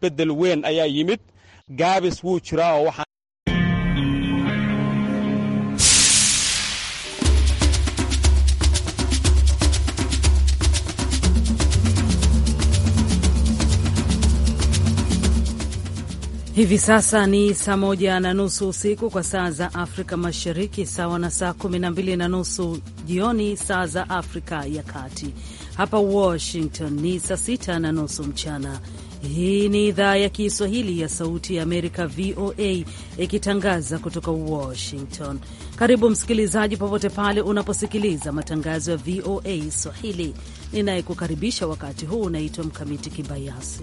bedel weyn ayaa yimid gaabis wuu jiraa oo waxaa Hivi sasa ni saa moja na nusu usiku kwa saa za Afrika Mashariki, sawa na saa kumi na mbili na nusu jioni saa za Afrika ya Kati. Hapa Washington ni saa sita na nusu mchana. Hii ni idhaa ya Kiswahili ya Sauti ya Amerika, VOA, ikitangaza kutoka Washington. Karibu msikilizaji, popote pale unaposikiliza matangazo ya VOA Swahili. Ninayekukaribisha wakati huu unaitwa Mkamiti Kibayasi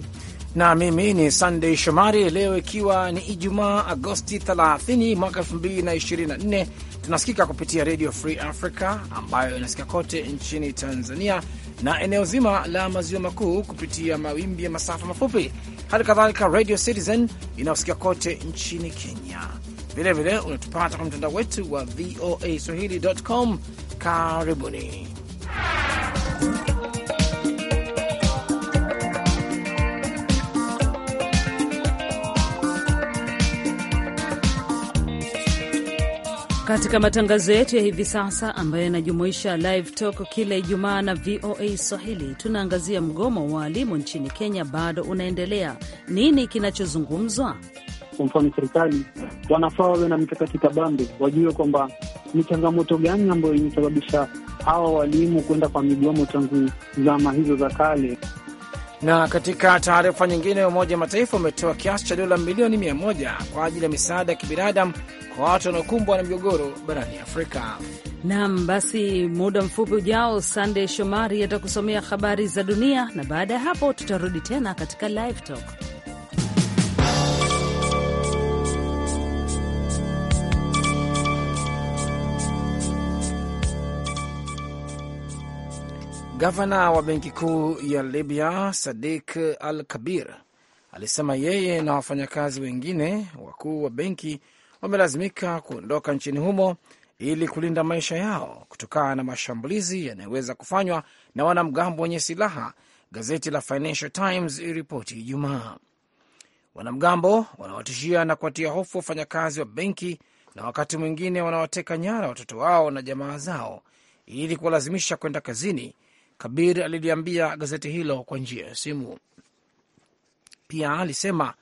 na mimi ni sandey Shomari. Leo ikiwa ni Ijumaa, Agosti 30 mwaka 2024, tunasikika kupitia Redio Free Africa ambayo inasikika kote nchini Tanzania na eneo zima la maziwa makuu kupitia mawimbi ya masafa mafupi, hali kadhalika Radio Citizen inayosikika kote nchini Kenya. Vilevile unatupata kwa mtandao wetu wa VOA swahili.com. Karibuni katika matangazo yetu ya hivi sasa ambayo yanajumuisha live talk kila Ijumaa na VOA Swahili, tunaangazia mgomo wa walimu nchini Kenya bado unaendelea. Nini kinachozungumzwa? Kwa mfano, serikali wanafaa wawe na mikakati kabambe, wajue kwamba ni changamoto gani ambayo imesababisha hawa walimu kwenda kwa migomo tangu zama hizo za kale. Na katika taarifa nyingine, Umoja wa Mataifa umetoa kiasi cha dola milioni mia moja kwa ajili ya misaada ya kibinadamu kwa watu wanaokumbwa na migogoro barani Afrika. Nam, basi muda mfupi ujao, Sandey Shomari atakusomea habari za dunia, na baada ya hapo tutarudi tena katika Live Talk. Gavana wa benki kuu ya Libya Sadik Al Kabir alisema yeye na wafanyakazi wengine wakuu wa benki wamelazimika kuondoka nchini humo ili kulinda maisha yao kutokana na mashambulizi yanayoweza kufanywa na wanamgambo wenye silaha. Gazeti la Financial Times iripoti Ijumaa. Wanamgambo wanawatishia na kuwatia hofu wafanyakazi wa benki, na wakati mwingine wanawateka nyara watoto wao na jamaa zao ili kuwalazimisha kwenda kazini Kabir aliliambia gazeti hilo kwa njia ya simu. Pia alisema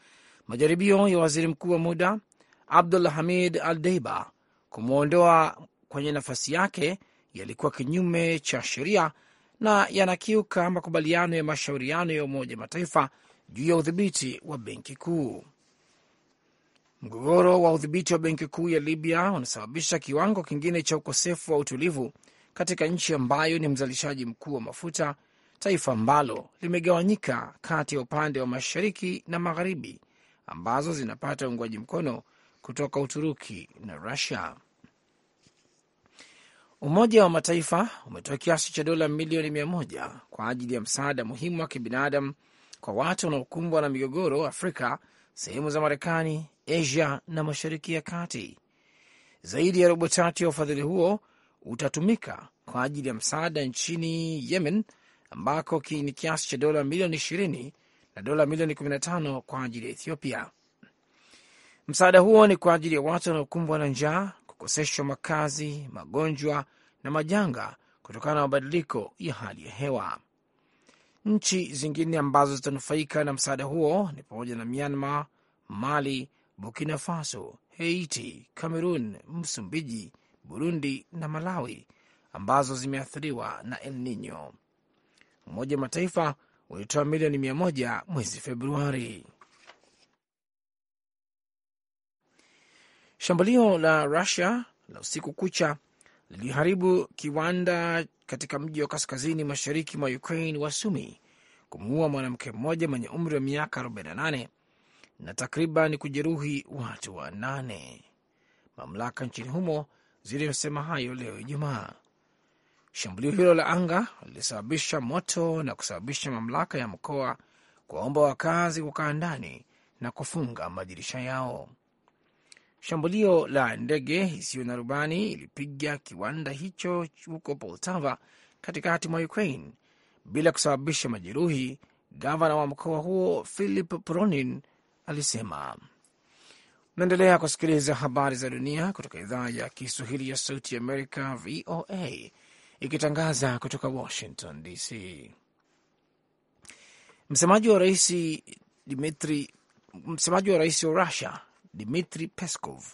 majaribio ya waziri mkuu wa muda Abdul Hamid Al Deiba kumwondoa kwenye nafasi yake yalikuwa kinyume cha sheria na yanakiuka makubaliano ya mashauriano ya Umoja Mataifa juu ya udhibiti wa benki kuu. Mgogoro wa udhibiti wa benki kuu ya Libya unasababisha kiwango kingine cha ukosefu wa utulivu katika nchi ambayo ni mzalishaji mkuu wa mafuta, taifa ambalo limegawanyika kati ya upande wa mashariki na magharibi ambazo zinapata uungwaji mkono kutoka Uturuki na Rusia. Umoja wa Mataifa umetoa kiasi cha dola milioni mia moja kwa ajili ya msaada muhimu wa kibinadamu kwa watu wanaokumbwa na migogoro Afrika, sehemu za Marekani, Asia na mashariki ya kati. Zaidi ya robo tatu ya ufadhili huo utatumika kwa ajili ya msaada nchini Yemen ambako ki ni kiasi cha dola milioni 20 na dola milioni 15 kwa ajili ya Ethiopia. Msaada huo ni kwa ajili ya watu wanaokumbwa na njaa, kukoseshwa makazi, magonjwa na majanga kutokana na mabadiliko ya hali ya hewa. Nchi zingine ambazo zitanufaika na msaada huo ni pamoja na Myanmar, Mali, Burkina Faso, Haiti, Cameroon, Msumbiji, Burundi na Malawi ambazo zimeathiriwa na El Nino. Umoja wa Mataifa ulitoa milioni mia moja mwezi Februari. Shambulio la Rusia la usiku kucha liliharibu kiwanda katika mji wa kaskazini mashariki mwa Ukraine wa Sumi, kumuua mwanamke mmoja mwenye umri wa miaka 48 na takriban kujeruhi watu wanane. Mamlaka nchini humo zilisema hayo leo Ijumaa. Shambulio hilo la anga lilisababisha moto na kusababisha mamlaka ya mkoa kuwaomba wakazi kukaa ndani na kufunga madirisha yao. Shambulio la ndege isiyo na rubani ilipiga kiwanda hicho huko Poltava, katikati mwa Ukraine bila kusababisha majeruhi, gavana wa mkoa huo Philip Pronin alisema. Naendelea kusikiliza habari za dunia kutoka idhaa ya Kiswahili ya Sauti Amerika, VOA, ikitangaza kutoka Washington DC. Msemaji wa rais Dmitri, msemaji wa rais wa Rusia Dmitri Peskov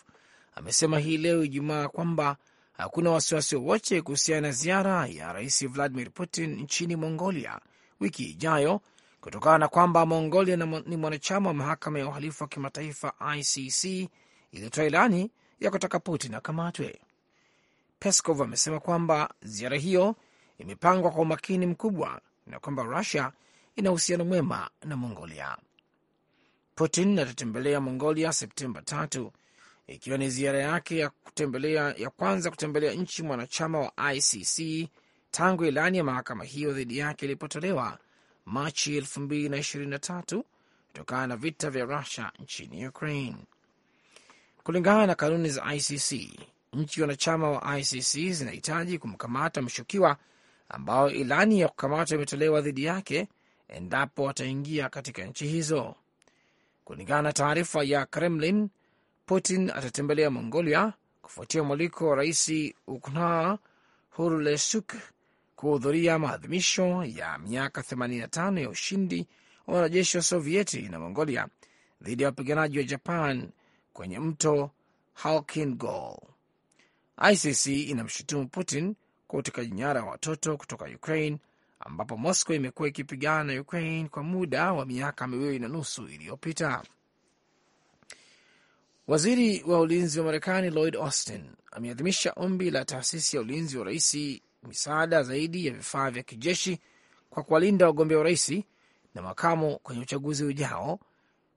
amesema hii leo Ijumaa kwamba hakuna wasiwasi wowote kuhusiana na ziara ya rais Vladimir Putin nchini Mongolia wiki ijayo kutokana na kwamba Mongolia ni mwanachama wa mahakama ya uhalifu wa kimataifa ICC iliyotoa ilani ya kutaka Putin akamatwe. Peskov amesema kwamba ziara hiyo imepangwa kwa umakini mkubwa na kwamba Rusia ina uhusiano mwema na Mongolia. Putin atatembelea Mongolia Septemba tatu, ikiwa ni ziara yake ya kutembelea ya kwanza kutembelea nchi mwanachama wa ICC tangu ilani ya mahakama hiyo dhidi yake ilipotolewa Machi 2023 kutokana na vita vya Rusia nchini Ukraine. Kulingana na kanuni za ICC, nchi wanachama wa ICC zinahitaji kumkamata mshukiwa ambao ilani ya kukamatwa imetolewa dhidi yake endapo wataingia katika nchi hizo. Kulingana na taarifa ya Kremlin, Putin atatembelea Mongolia kufuatia mwaliko wa rais ukna Hurlesuk kuhudhuria maadhimisho ya miaka 85 ya ushindi wa wanajeshi wa Sovieti na Mongolia dhidi ya wapiganaji wa Japan kwenye mto Halkin Gol. ICC inamshutumu Putin kwa utekaji nyara wa watoto kutoka Ukraine, ambapo Moscow imekuwa ikipigana na Ukraine kwa muda wa miaka miwili na nusu iliyopita. Waziri wa ulinzi wa Marekani Lloyd Austin ameadhimisha ombi la taasisi ya ulinzi wa raisi misaada zaidi ya vifaa vya kijeshi kwa kuwalinda wagombea urais na makamu kwenye uchaguzi ujao,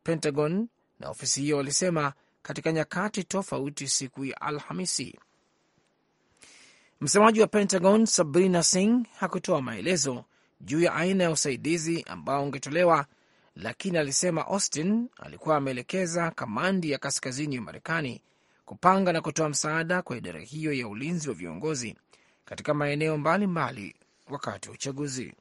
Pentagon na ofisi hiyo walisema katika nyakati tofauti siku ya Alhamisi. Msemaji wa Pentagon Sabrina Singh hakutoa maelezo juu ya aina ya usaidizi ambao ungetolewa, lakini alisema Austin alikuwa ameelekeza kamandi ya kaskazini ya Marekani kupanga na kutoa msaada kwa idara hiyo ya ulinzi wa viongozi katika maeneo mbalimbali wakati wa uchaguzi.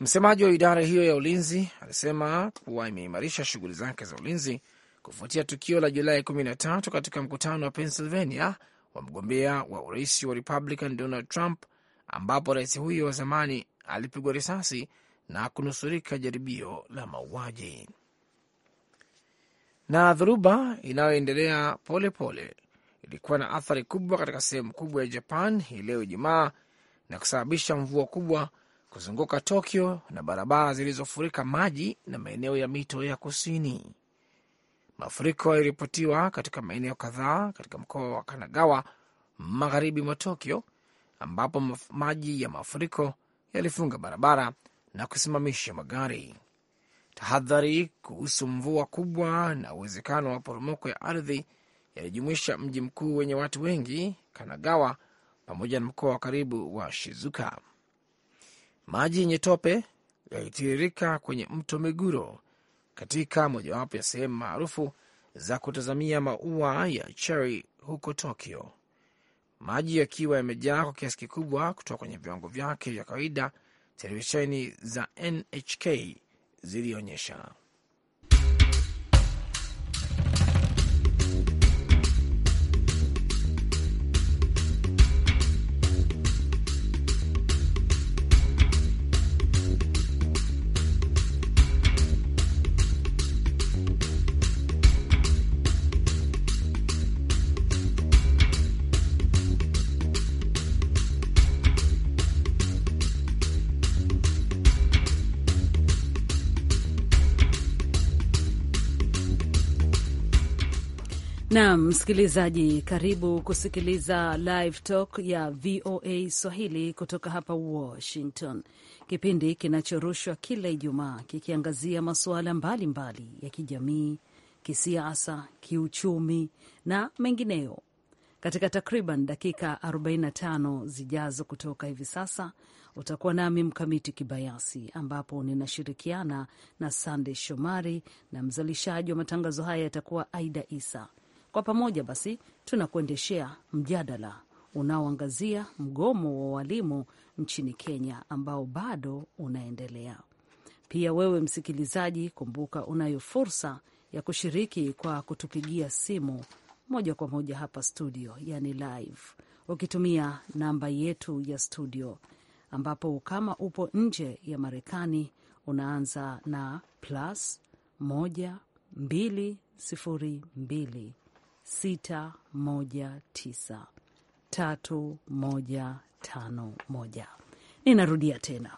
Msemaji wa idara hiyo ya ulinzi alisema kuwa imeimarisha shughuli zake za ulinzi kufuatia tukio la Julai 13 katika mkutano wa Pennsylvania wa mgombea wa urais wa Republican Donald Trump, ambapo rais huyo wa zamani alipigwa risasi na kunusurika jaribio la mauaji. Na dhoruba inayoendelea polepole ilikuwa na athari kubwa katika sehemu kubwa ya Japan hii leo Ijumaa na kusababisha mvua kubwa kuzunguka Tokyo na barabara zilizofurika maji na maeneo ya mito ya kusini. Mafuriko yaliripotiwa katika maeneo kadhaa katika mkoa wa Kanagawa magharibi mwa Tokyo, ambapo maji ya mafuriko yalifunga barabara na kusimamisha magari. Tahadhari kuhusu mvua kubwa na uwezekano wa poromoko ya ardhi yalijumuisha mji mkuu wenye watu wengi Kanagawa pamoja na mkoa wa karibu wa Shizuka. Maji yenye tope yalitiririka kwenye mto Meguro katika mojawapo ya sehemu maarufu za kutazamia maua ya cheri huko Tokyo, maji yakiwa yamejaa kwa kiasi kikubwa kutoka kwenye viwango vyake vya kawaida. Televisheni za NHK zilionyesha Naam, msikilizaji, karibu kusikiliza Live Talk ya VOA Swahili kutoka hapa Washington, kipindi kinachorushwa kila Ijumaa kikiangazia masuala mbalimbali mbali ya kijamii, kisiasa, kiuchumi na mengineyo. Katika takriban dakika 45 zijazo kutoka hivi sasa utakuwa nami Mkamiti Kibayasi, ambapo ninashirikiana na sandey Shomari na mzalishaji wa matangazo haya yatakuwa Aida Isa. Kwa pamoja basi tunakuendeshea mjadala unaoangazia mgomo wa walimu nchini Kenya ambao bado unaendelea. Pia wewe msikilizaji, kumbuka unayo fursa ya kushiriki kwa kutupigia simu moja kwa moja hapa studio, yani live, ukitumia namba yetu ya studio, ambapo kama upo nje ya Marekani unaanza na plus 1 2 2 619 Ninarudia tena,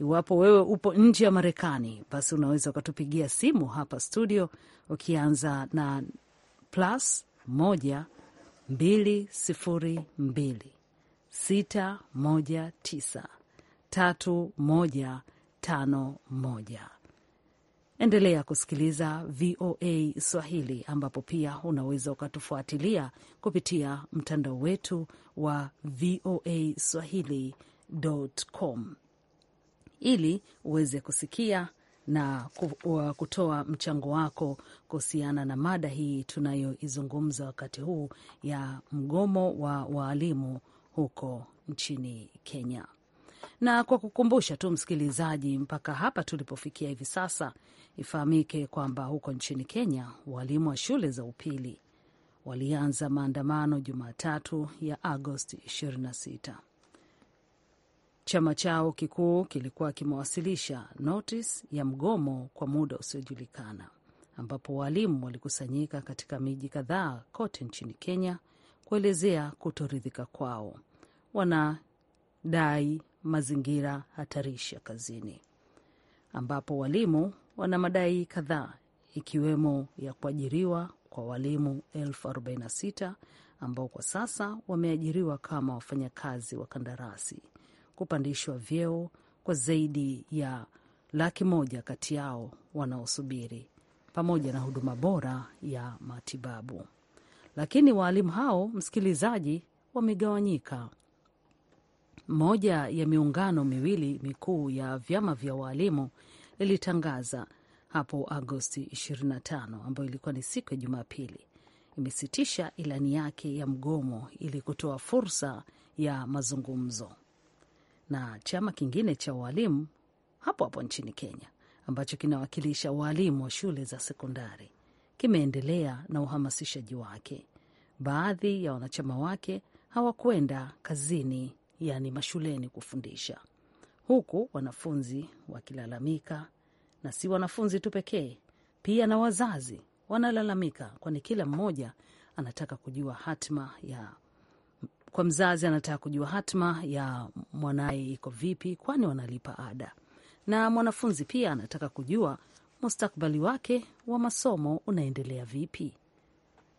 iwapo wewe upo nje ya Marekani, basi unaweza ukatupigia simu hapa studio ukianza na plus 1 202 619 3151 Endelea kusikiliza VOA Swahili, ambapo pia unaweza ukatufuatilia kupitia mtandao wetu wa VOA Swahili.com ili uweze kusikia na kutoa mchango wako kuhusiana na mada hii tunayoizungumza wakati huu ya mgomo wa waalimu huko nchini Kenya. Na kwa kukumbusha tu msikilizaji, mpaka hapa tulipofikia hivi sasa, ifahamike kwamba huko nchini Kenya walimu wa shule za upili walianza maandamano Jumatatu ya Agosti 26. Chama chao kikuu kilikuwa kimewasilisha notis ya mgomo kwa muda usiojulikana, ambapo walimu walikusanyika katika miji kadhaa kote nchini Kenya kuelezea kutoridhika kwao. Wanadai mazingira hatarishi ya kazini, ambapo walimu wana madai kadhaa ikiwemo ya kuajiriwa kwa walimu 46 ambao kwa sasa wameajiriwa kama wafanyakazi wa kandarasi, kupandishwa vyeo kwa zaidi ya laki moja kati yao wanaosubiri, pamoja na huduma bora ya matibabu. Lakini waalimu hao, msikilizaji, wamegawanyika moja ya miungano miwili mikuu ya vyama vya waalimu ilitangaza hapo Agosti 25 ambayo ilikuwa ni siku ya Jumapili imesitisha ilani yake ya mgomo ili kutoa fursa ya mazungumzo. Na chama kingine cha waalimu hapo hapo nchini Kenya ambacho kinawakilisha waalimu wa shule za sekondari kimeendelea na uhamasishaji wake. Baadhi ya wanachama wake hawakwenda kazini yani mashuleni kufundisha, huku wanafunzi wakilalamika, na si wanafunzi tu pekee, pia na wazazi wanalalamika, kwani kila mmoja anataka kujua hatima ya kwa mzazi anataka kujua hatima ya mwanaye iko vipi, kwani wanalipa ada, na mwanafunzi pia anataka kujua mustakbali wake wa masomo unaendelea vipi,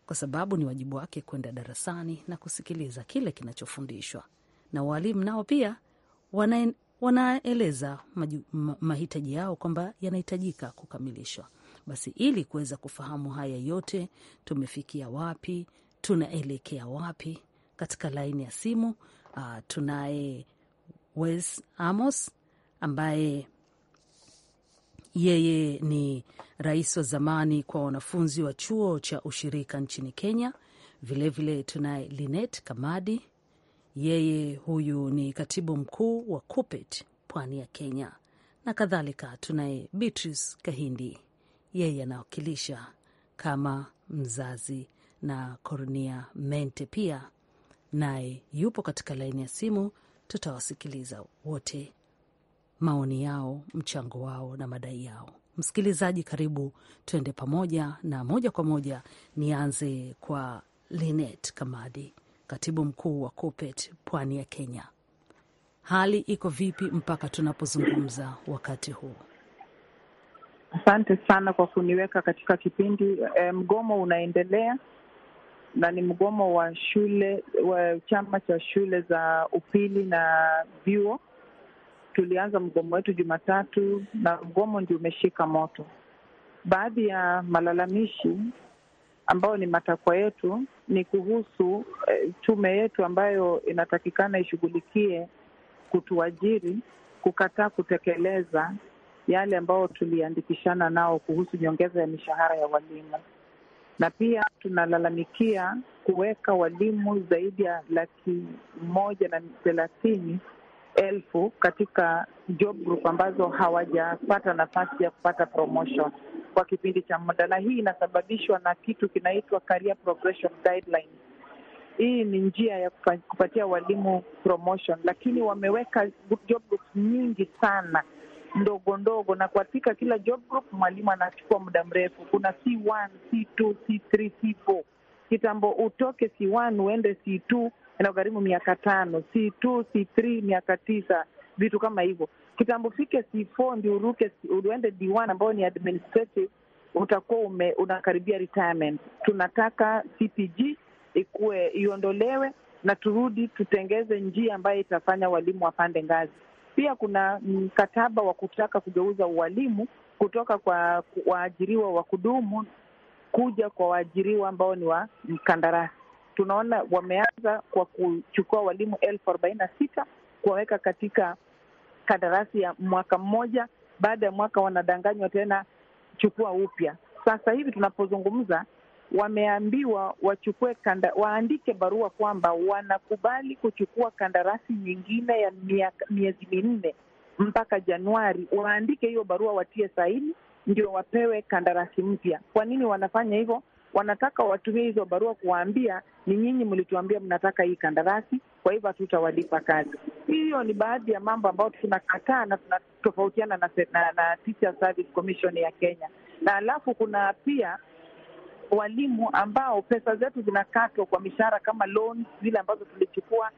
kwa sababu ni wajibu wake kwenda darasani na kusikiliza kile kinachofundishwa na walimu nao pia wanaeleza maju, ma, mahitaji yao kwamba yanahitajika kukamilishwa. Basi ili kuweza kufahamu haya yote, tumefikia wapi, tunaelekea wapi, katika laini ya simu uh, tunaye Wes Amos ambaye yeye ni rais wa zamani kwa wanafunzi wa chuo cha ushirika nchini Kenya. Vilevile tunaye Linet Kamadi yeye huyu ni katibu mkuu wa KUPPET pwani ya Kenya na kadhalika. Tunaye Beatrice Kahindi, yeye anawakilisha kama mzazi, na Cornia Mente pia naye yupo katika laini ya simu. Tutawasikiliza wote maoni yao, mchango wao na madai yao. Msikilizaji, karibu tuende pamoja, na moja kwa moja nianze kwa Linet Kamadi katibu mkuu wa KUPPET pwani ya Kenya. Hali iko vipi mpaka tunapozungumza wakati huu? Asante sana kwa kuniweka katika kipindi. E, mgomo unaendelea na ni mgomo wa shule wa chama cha shule za upili na vyuo. Tulianza mgomo wetu Jumatatu na mgomo ndio umeshika moto. Baadhi ya malalamishi ambayo ni matakwa yetu ni kuhusu eh, tume yetu ambayo inatakikana ishughulikie kutuajiri kukataa kutekeleza yale ambayo tuliandikishana nao kuhusu nyongeza ya mishahara ya walimu, na pia tunalalamikia kuweka walimu zaidi ya laki moja na thelathini elfu katika job group ambazo hawajapata nafasi ya kupata promotion kwa kipindi cha muda, na hii inasababishwa na kitu kinaitwa career progression guidelines. Hii ni njia ya kupatia walimu promotion, lakini wameweka job groups nyingi sana ndogo ndogo, na katika kila job group mwalimu anachukua muda mrefu. Kuna C1, C2, C3, C4. Kitambo utoke C1 uende C2 inagharimu miaka tano, C2, C3 miaka tisa, vitu kama hivyo kitambo fike C4 ndio uruke, uende D1 ambayo ni administrative, utakuwa ume, unakaribia retirement. Tunataka CPG ikuwe iondolewe na turudi tutengeze njia ambayo itafanya walimu wapande ngazi. Pia kuna mkataba wa kutaka kugeuza uwalimu kutoka kwa waajiriwa wa kudumu kuja kwa waajiriwa ambao ni wa mkandarasi. Tunaona wameanza kwa kuchukua walimu elfu arobaini na sita kuwaweka katika kandarasi ya mwaka mmoja, baada ya mwaka wanadanganywa tena, chukua upya. Sasa hivi tunapozungumza, wameambiwa wachukue kanda, waandike barua kwamba wanakubali kuchukua kandarasi nyingine ya miezi minne mpaka Januari. Waandike hiyo barua, watie saini, ndio wapewe kandarasi mpya. Kwa nini wanafanya hivyo? Wanataka watumie hizo barua kuwaambia, ni nyinyi mlituambia mnataka hii kandarasi, kwa hivyo hatutawalipa kazi. Hiyo ni baadhi ya mambo ambayo tunakataa na tunatofautiana na, na, na Teacher Service Commission ya Kenya. Na alafu kuna pia walimu ambao pesa zetu zinakatwa kwa mishahara kama loans zile ambazo tulichukua,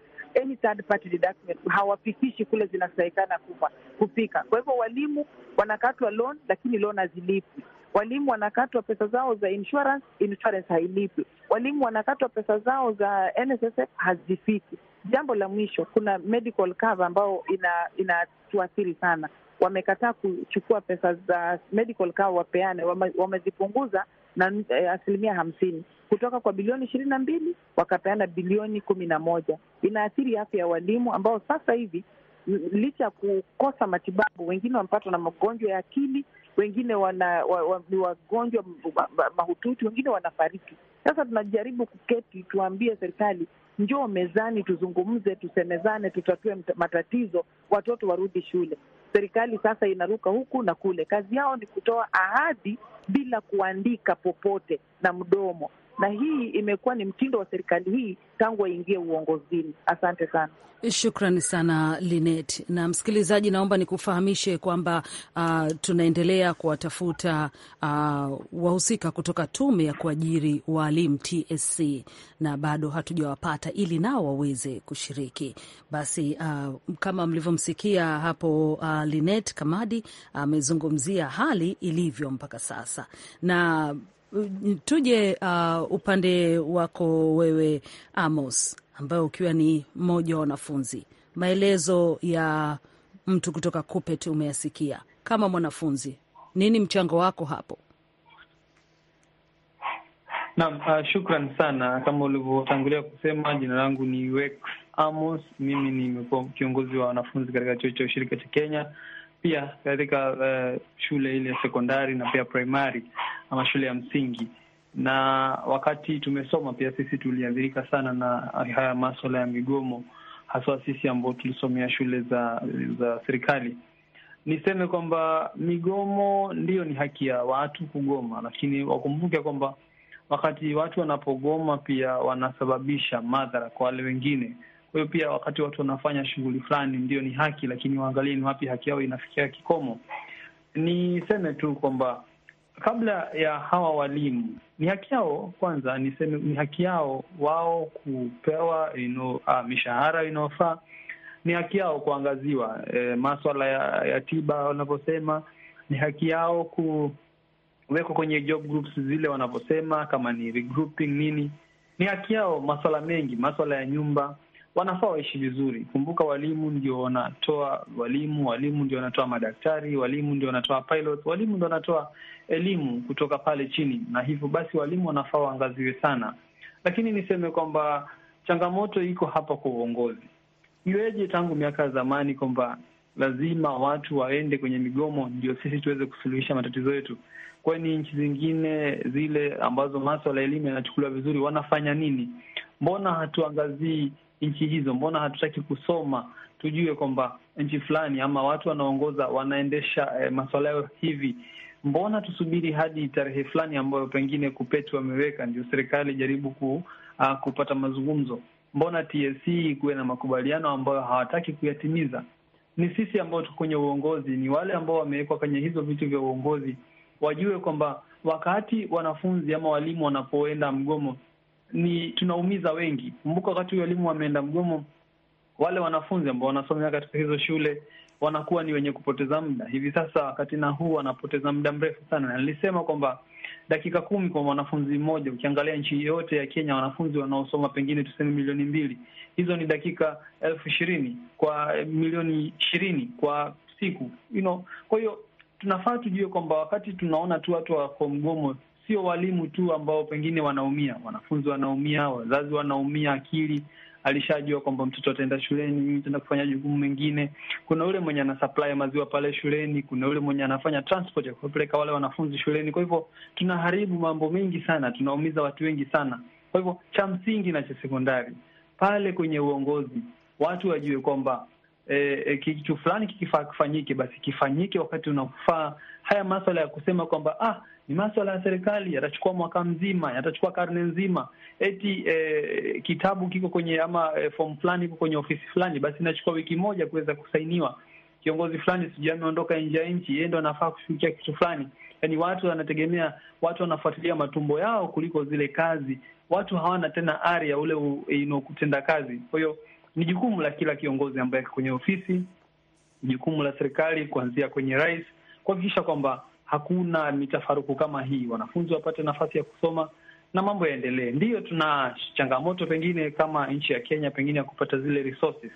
any third party deduction hawafikishi kule zinastahikana kufa kufika. Kwa hivyo walimu wanakatwa loan, lakini loan hazilipwi. Walimu wanakatwa pesa zao za insurance, insurance hailipi. Walimu wanakatwa pesa zao za NSSF hazifiki. Jambo la mwisho, kuna medical cover ambayo inatuathiri ina sana. Wamekataa kuchukua pesa za medical cover wapeane, wamezipunguza na eh, asilimia hamsini kutoka kwa bilioni ishirini na mbili wakapeana bilioni kumi na moja. Inaathiri afya ya walimu ambao sasa hivi mm, licha ya kukosa matibabu, wengine wamepatwa na magonjwa ya akili wengine wana wa, wa, ni wagonjwa mahututi, wengine wanafariki. Sasa tunajaribu kuketi, tuambie serikali njoo mezani, tuzungumze, tusemezane, tutatue matatizo, watoto warudi shule. Serikali sasa inaruka huku na kule, kazi yao ni kutoa ahadi bila kuandika popote na mdomo na hii imekuwa ni mtindo wa serikali hii tangu waingie uongozini. Asante sana. Shukrani sana Linet. Na msikilizaji, naomba nikufahamishe kwamba uh, tunaendelea kuwatafuta uh, wahusika kutoka tume ya kuajiri waalimu TSC, na bado hatujawapata ili nao waweze kushiriki. Basi uh, kama mlivyomsikia hapo uh, Linet Kamadi amezungumzia uh, hali ilivyo mpaka sasa na tuje uh, upande wako wewe Amos, ambayo ukiwa ni mmoja wa wanafunzi, maelezo ya mtu kutoka Kupet umeyasikia kama mwanafunzi, nini mchango wako hapo? Naam, uh, shukran sana. Kama ulivyotangulia kusema, jina langu ni Wex Amos. Mimi nimekuwa kiongozi wa wanafunzi katika chuo cha ushirika cha Kenya pia katika uh, shule ile sekondari na pia primary ama shule ya msingi. Na wakati tumesoma pia sisi tuliathirika sana na haya maswala ya migomo, haswa sisi ambao tulisomea shule za za serikali. Niseme kwamba migomo ndiyo ni haki ya watu kugoma, lakini wakumbuke kwamba wakati watu wanapogoma pia wanasababisha madhara kwa wale wengine kwa hiyo pia wakati watu wanafanya shughuli fulani, ndio ni haki, lakini waangalie ni wapi haki yao inafikia kikomo. Niseme tu kwamba kabla ya hawa walimu, ni haki yao kwanza, niseme ni haki yao wao kupewa ino, ah, mishahara inayofaa. Ni haki yao kuangaziwa e, maswala ya, ya tiba wanavyosema. Ni haki yao kuwekwa kwenye job groups zile wanavyosema, kama ni regrouping nini. Ni haki yao maswala mengi, maswala ya nyumba wanafaa waishi vizuri. Kumbuka walimu ndio wanatoa walimu, walimu ndio wanatoa madaktari, walimu ndio wanatoa pilot, walimu ndio wanatoa elimu kutoka pale chini, na hivyo basi walimu wanafaa waangaziwe sana. Lakini niseme kwamba changamoto iko hapa kwa uongozi. Iweje tangu miaka ya zamani kwamba lazima watu waende kwenye migomo ndio sisi tuweze kusuluhisha matatizo yetu? Kwani nchi zingine zile ambazo maswala ya elimu yanachukuliwa vizuri wanafanya nini? Mbona hatuangazii nchi hizo? Mbona hatutaki kusoma tujue kwamba nchi fulani ama watu wanaongoza wanaendesha eh, masuala yao hivi? Mbona tusubiri hadi tarehe fulani ambayo pengine Kupetu wameweka ndio serikali ijaribu ku, uh, kupata mazungumzo? Mbona TSC e kuwe na makubaliano ambayo hawataki kuyatimiza? Ni sisi ambao tuko kwenye uongozi, ni wale ambao wamewekwa kwenye hizo vitu vya uongozi, wajue kwamba wakati wanafunzi ama walimu wanapoenda mgomo ni tunaumiza wengi. Kumbuka wakati walimu wameenda mgomo, wale wanafunzi ambao wanasomea katika hizo shule wanakuwa ni wenye kupoteza muda. Hivi sasa wakati na huu wanapoteza muda mrefu sana, na nilisema kwamba dakika kumi kwa mwanafunzi mmoja. Ukiangalia nchi yote ya Kenya, wanafunzi wanaosoma pengine tuseme milioni mbili, hizo ni dakika elfu ishirini kwa eh, milioni ishirini kwa siku you know. Kwa hiyo tunafaa tujue kwamba wakati tunaona tu watu wako mgomo sio walimu tu ambao pengine wanaumia, wanafunzi wanaumia, wazazi wanaumia, akili alishajua kwamba mtoto ataenda shuleni, ataenda kufanya jukumu mengine. Kuna yule mwenye ana supply maziwa pale shuleni, kuna yule mwenye anafanya transport ya kuwapeleka wale wanafunzi shuleni. Kwa hivyo tunaharibu mambo mengi sana, tunaumiza watu wengi sana. Kwa hivyo cha msingi na cha sekondari pale kwenye uongozi, watu wajue kwamba E, e, kitu fulani kikifaa kifanyike basi kifanyike wakati unaofaa. Haya maswala ya kusema kwamba ah, ni maswala ya serikali, yatachukua mwaka mzima, yatachukua karne nzima. Eti eh, kitabu kiko kwenye ama eh, fomu fulani iko kwenye ofisi fulani, basi inachukua wiki moja kuweza kusainiwa. Kiongozi fulani sijui ameondoka nje ya nchi, yeye ndo anafaa kushughulikia kitu fulani. Yani watu wanategemea, watu wanafuatilia matumbo yao kuliko zile kazi. Watu hawana tena ari ya ule ino kutenda kazi. Kwa hiyo ni jukumu la kila kiongozi ambaye kwenye ofisi, jukumu la serikali kuanzia kwenye rais kuhakikisha kwamba hakuna mitafaruku kama hii, wanafunzi wapate nafasi ya kusoma na mambo yaendelee. Ndiyo tuna changamoto pengine kama nchi ya Kenya pengine ya kupata zile resources,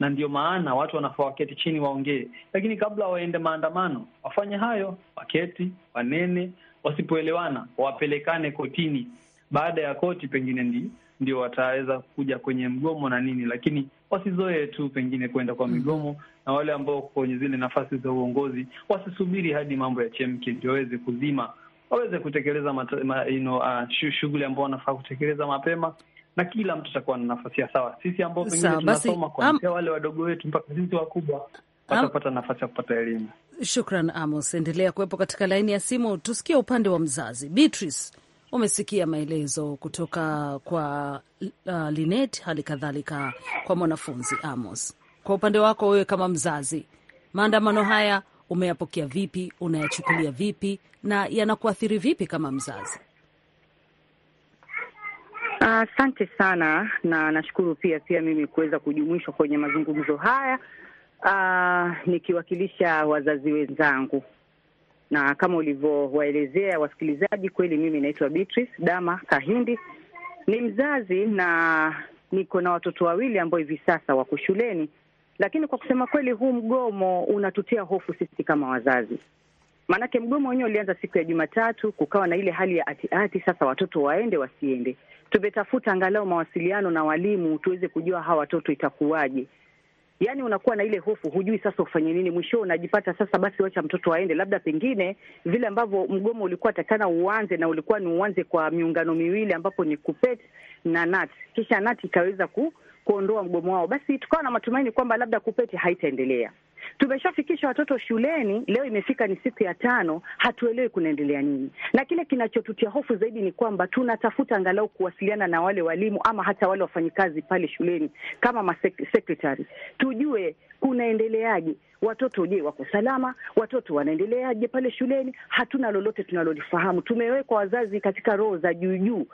na ndio maana watu wanafaa waketi chini waongee, lakini kabla waende maandamano wafanye hayo, waketi wanene, wasipoelewana wapelekane kotini. Baada ya koti pengine ndi ndio wataweza kuja kwenye mgomo na nini, lakini wasizoee tu pengine kwenda kwa mm. migomo mm na wale ambao kwenye zile nafasi za uongozi wasisubiri hadi mambo yachemke ndio waweze kuzima, waweze kutekeleza ma, you know, uh, shughuli ambao wanafaa kutekeleza mapema na kila mtu atakuwa na nafasi ya sawa. Sisi ambao pengine tunasoma kuanzia wale wadogo wetu mpaka sisi wakubwa watapata nafasi ya kupata elimu. Shukran Amos, endelea kuwepo katika laini ya simu, tusikie upande wa mzazi. Beatrice, umesikia maelezo kutoka kwa uh, Linet, hali kadhalika kwa mwanafunzi Amos. Kwa upande wako wewe kama mzazi, maandamano haya umeyapokea vipi? Unayachukulia vipi na yanakuathiri vipi kama mzazi? Asante uh, sana na nashukuru pia pia mimi kuweza kujumuishwa kwenye mazungumzo haya uh, nikiwakilisha wazazi wenzangu, na kama ulivyowaelezea wasikilizaji, kweli mimi naitwa Beatrice Dama Kahindi, ni mzazi na niko na watoto wawili ambao hivi sasa wako shuleni, lakini kwa kusema kweli, huu mgomo unatutia hofu sisi kama wazazi, maanake mgomo wenyewe ulianza siku ya Jumatatu, kukawa na ile hali ya atiati, sasa watoto waende wasiende. Tumetafuta angalau mawasiliano na walimu tuweze kujua hawa watoto itakuwaje. Yaani unakuwa na ile hofu, hujui sasa ufanye nini. Mwisho unajipata sasa, basi wacha mtoto aende, labda pengine vile ambavyo mgomo ulikuwa takana uanze, na ulikuwa ni uanze kwa miungano miwili ambapo ni kupet na nat, kisha nat ikaweza ku kuondoa mgomo wao, basi tukawa na matumaini kwamba labda kupeti haitaendelea. Tumeshafikisha watoto shuleni, leo imefika ni siku ya tano, hatuelewi kunaendelea nini. Na kile kinachotutia hofu zaidi ni kwamba tunatafuta angalau kuwasiliana na wale walimu ama hata wale wafanyikazi pale shuleni kama masekretari, tujue kunaendeleaje, watoto je, wako salama? Watoto wanaendeleaje pale shuleni? Hatuna lolote tunalolifahamu. Tumewekwa wazazi katika roho za juujuu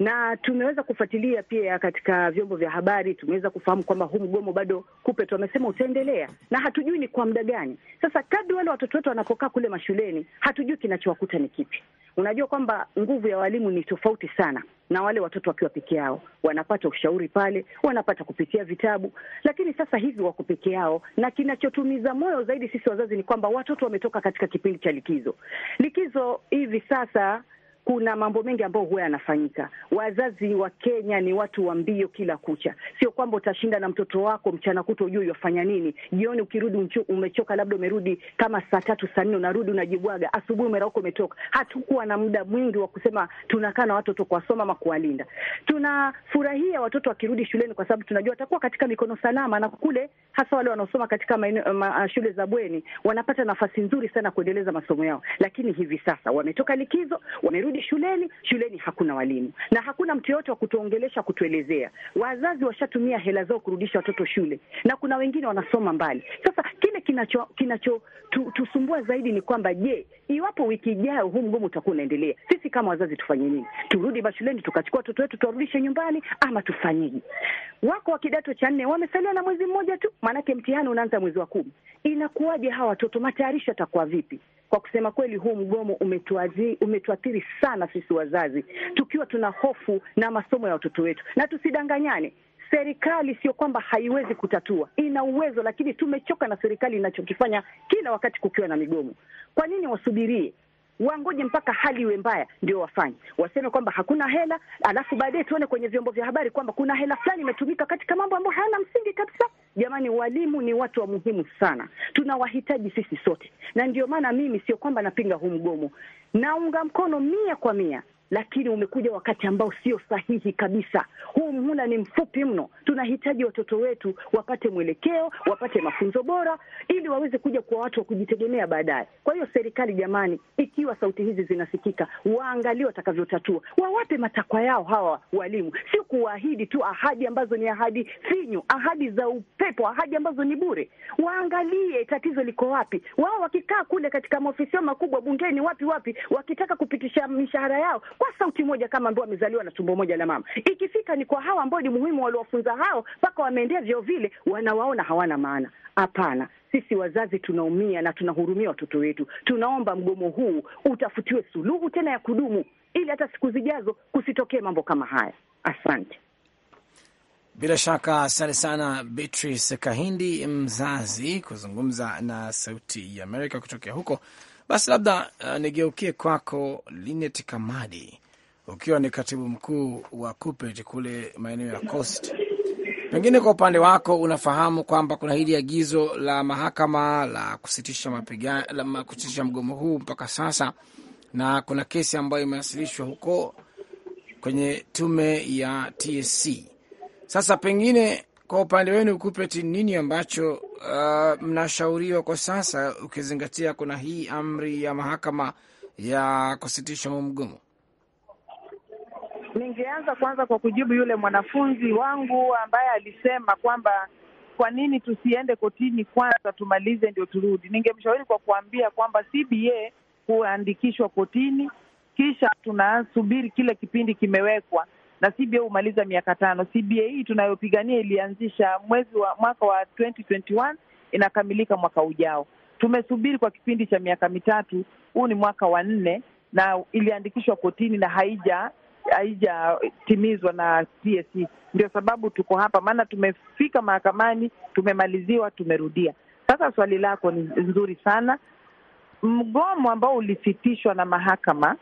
na tumeweza kufuatilia pia katika vyombo vya habari, tumeweza kufahamu kwamba huu mgomo bado KUPPET wamesema utaendelea, na hatujui ni kwa muda gani. Sasa kadri wale watoto wetu wanapokaa kule mashuleni, hatujui kinachowakuta ni kipi. Unajua kwamba nguvu ya walimu ni tofauti sana na wale watoto wakiwa peke yao, wanapata ushauri pale, wanapata kupitia vitabu, lakini sasa hivi wako peke yao, na kinachotumiza moyo zaidi sisi wazazi ni kwamba watoto wametoka katika kipindi cha likizo. Likizo hivi sasa kuna mambo mengi ambayo huwa yanafanyika. Wazazi wa Kenya ni watu wa mbio kila kucha, sio kwamba utashinda na mtoto wako mchana kuto ujue yafanya nini, jioni ukirudi umechoka, labda umerudi kama saa tatu saa nne, unarudi unajibwaga, asubuhi umerauka, umetoka. Hatukuwa na muda mwingi wa kusema tunakaa na watoto kuwasoma ama kuwalinda. Tunafurahia watoto wakirudi shuleni, kwa sababu tunajua watakuwa katika mikono salama, na kule hasa wale wanaosoma katika maeneo ma, shule za bweni wanapata nafasi nzuri sana kuendeleza masomo yao. Lakini hivi sasa wametoka likizo, wamerudi turudi shuleni, shuleni hakuna walimu na hakuna mtu yoyote wa kutuongelesha, kutuelezea. Wazazi washatumia hela zao kurudisha watoto shule, na kuna wengine wanasoma mbali. Sasa kile kinacho kinacho tu, tusumbua zaidi ni kwamba je, iwapo wiki ijayo huu mgomo utakuwa unaendelea, sisi kama wazazi tufanye nini? Turudi bashuleni tukachukua watoto wetu tuwarudishe nyumbani ama tufanyeje? Wako wa kidato cha nne wamesalia na mwezi mmoja tu, maanake mtihani unaanza mwezi wa kumi. Inakuwaje hawa watoto, matayarisho yatakuwa vipi? Kwa kusema kweli, huu mgomo umetuathiri sana sisi wazazi, tukiwa tuna hofu na masomo ya watoto wetu, na tusidanganyane Serikali sio kwamba haiwezi kutatua, ina uwezo, lakini tumechoka na serikali inachokifanya kila wakati kukiwa na migomo. Kwa nini wasubirie? wangoje mpaka hali iwe mbaya ndio wafanye, waseme kwamba hakuna hela, alafu baadaye tuone kwenye vyombo vya habari kwamba kuna hela fulani imetumika katika mambo ambayo hayana msingi kabisa. Jamani, walimu ni watu wa muhimu sana, tunawahitaji sisi sote, na ndio maana mimi sio kwamba napinga huu mgomo, naunga mkono mia kwa mia, lakini umekuja wakati ambao sio sahihi kabisa. Huu muhula ni mfupi mno, tunahitaji watoto wetu wapate mwelekeo, wapate mafunzo bora, ili waweze kuja kuwa watu wa kujitegemea baadaye. Kwa hiyo serikali, jamani, ikiwa sauti hizi zinasikika, waangalie watakavyotatua, wawape matakwa yao hawa walimu, sio kuwaahidi tu ahadi ambazo ni ahadi finyu, ahadi za upepo, ahadi ambazo ni bure. Waangalie tatizo liko wapi. Wao wakikaa kule katika maofisi yao makubwa bungeni, wapi wapi, wakitaka kupitisha mishahara yao kwa sauti moja kama ambao wamezaliwa na tumbo moja la mama. Ikifika ni kwa hawa ambao ni muhimu, waliowafunza hao mpaka wameendea vyo vile, wanawaona hawana maana. Hapana, sisi wazazi tunaumia na tunahurumia watoto wetu. Tunaomba mgomo huu utafutiwe suluhu tena ya kudumu, ili hata siku zijazo kusitokee mambo kama haya. Asante. Bila shaka asante sana Beatrice Kahindi, mzazi, kuzungumza na Sauti ya Amerika kutokea huko basi labda uh, nigeukie kwako Linet Kamadi, ukiwa ni katibu mkuu wa Kupet kule maeneo ya Coast, pengine kwa upande wako unafahamu kwamba kuna hili agizo la mahakama la kusitisha mapigano, la kusitisha mgomo huu mpaka sasa, na kuna kesi ambayo imewasilishwa huko kwenye tume ya TSC. Sasa pengine kwa upande wenu Kupet, nini ambacho uh, mnashauriwa kwa sasa, ukizingatia kuna hii amri ya mahakama ya kusitisha huu mgomo? Ningeanza kwanza kwa kujibu yule mwanafunzi wangu ambaye alisema kwamba kwa nini tusiende kotini kwanza tumalize ndio turudi. Ningemshauri kwa kuambia kwamba CBA huandikishwa kotini, kisha tunasubiri kile kipindi kimewekwa na CBA humaliza miaka tano. CBA hii tunayopigania ilianzisha mwezi wa mwaka wa 2021 inakamilika mwaka ujao. Tumesubiri kwa kipindi cha miaka mitatu, huu ni mwaka wa nne, na iliandikishwa kotini na haija haijatimizwa na TSC. E. Ndio sababu tuko hapa, maana tumefika mahakamani, tumemaliziwa, tumerudia. Sasa swali lako ni nzuri sana. Mgomo ambao ulisitishwa na mahakama,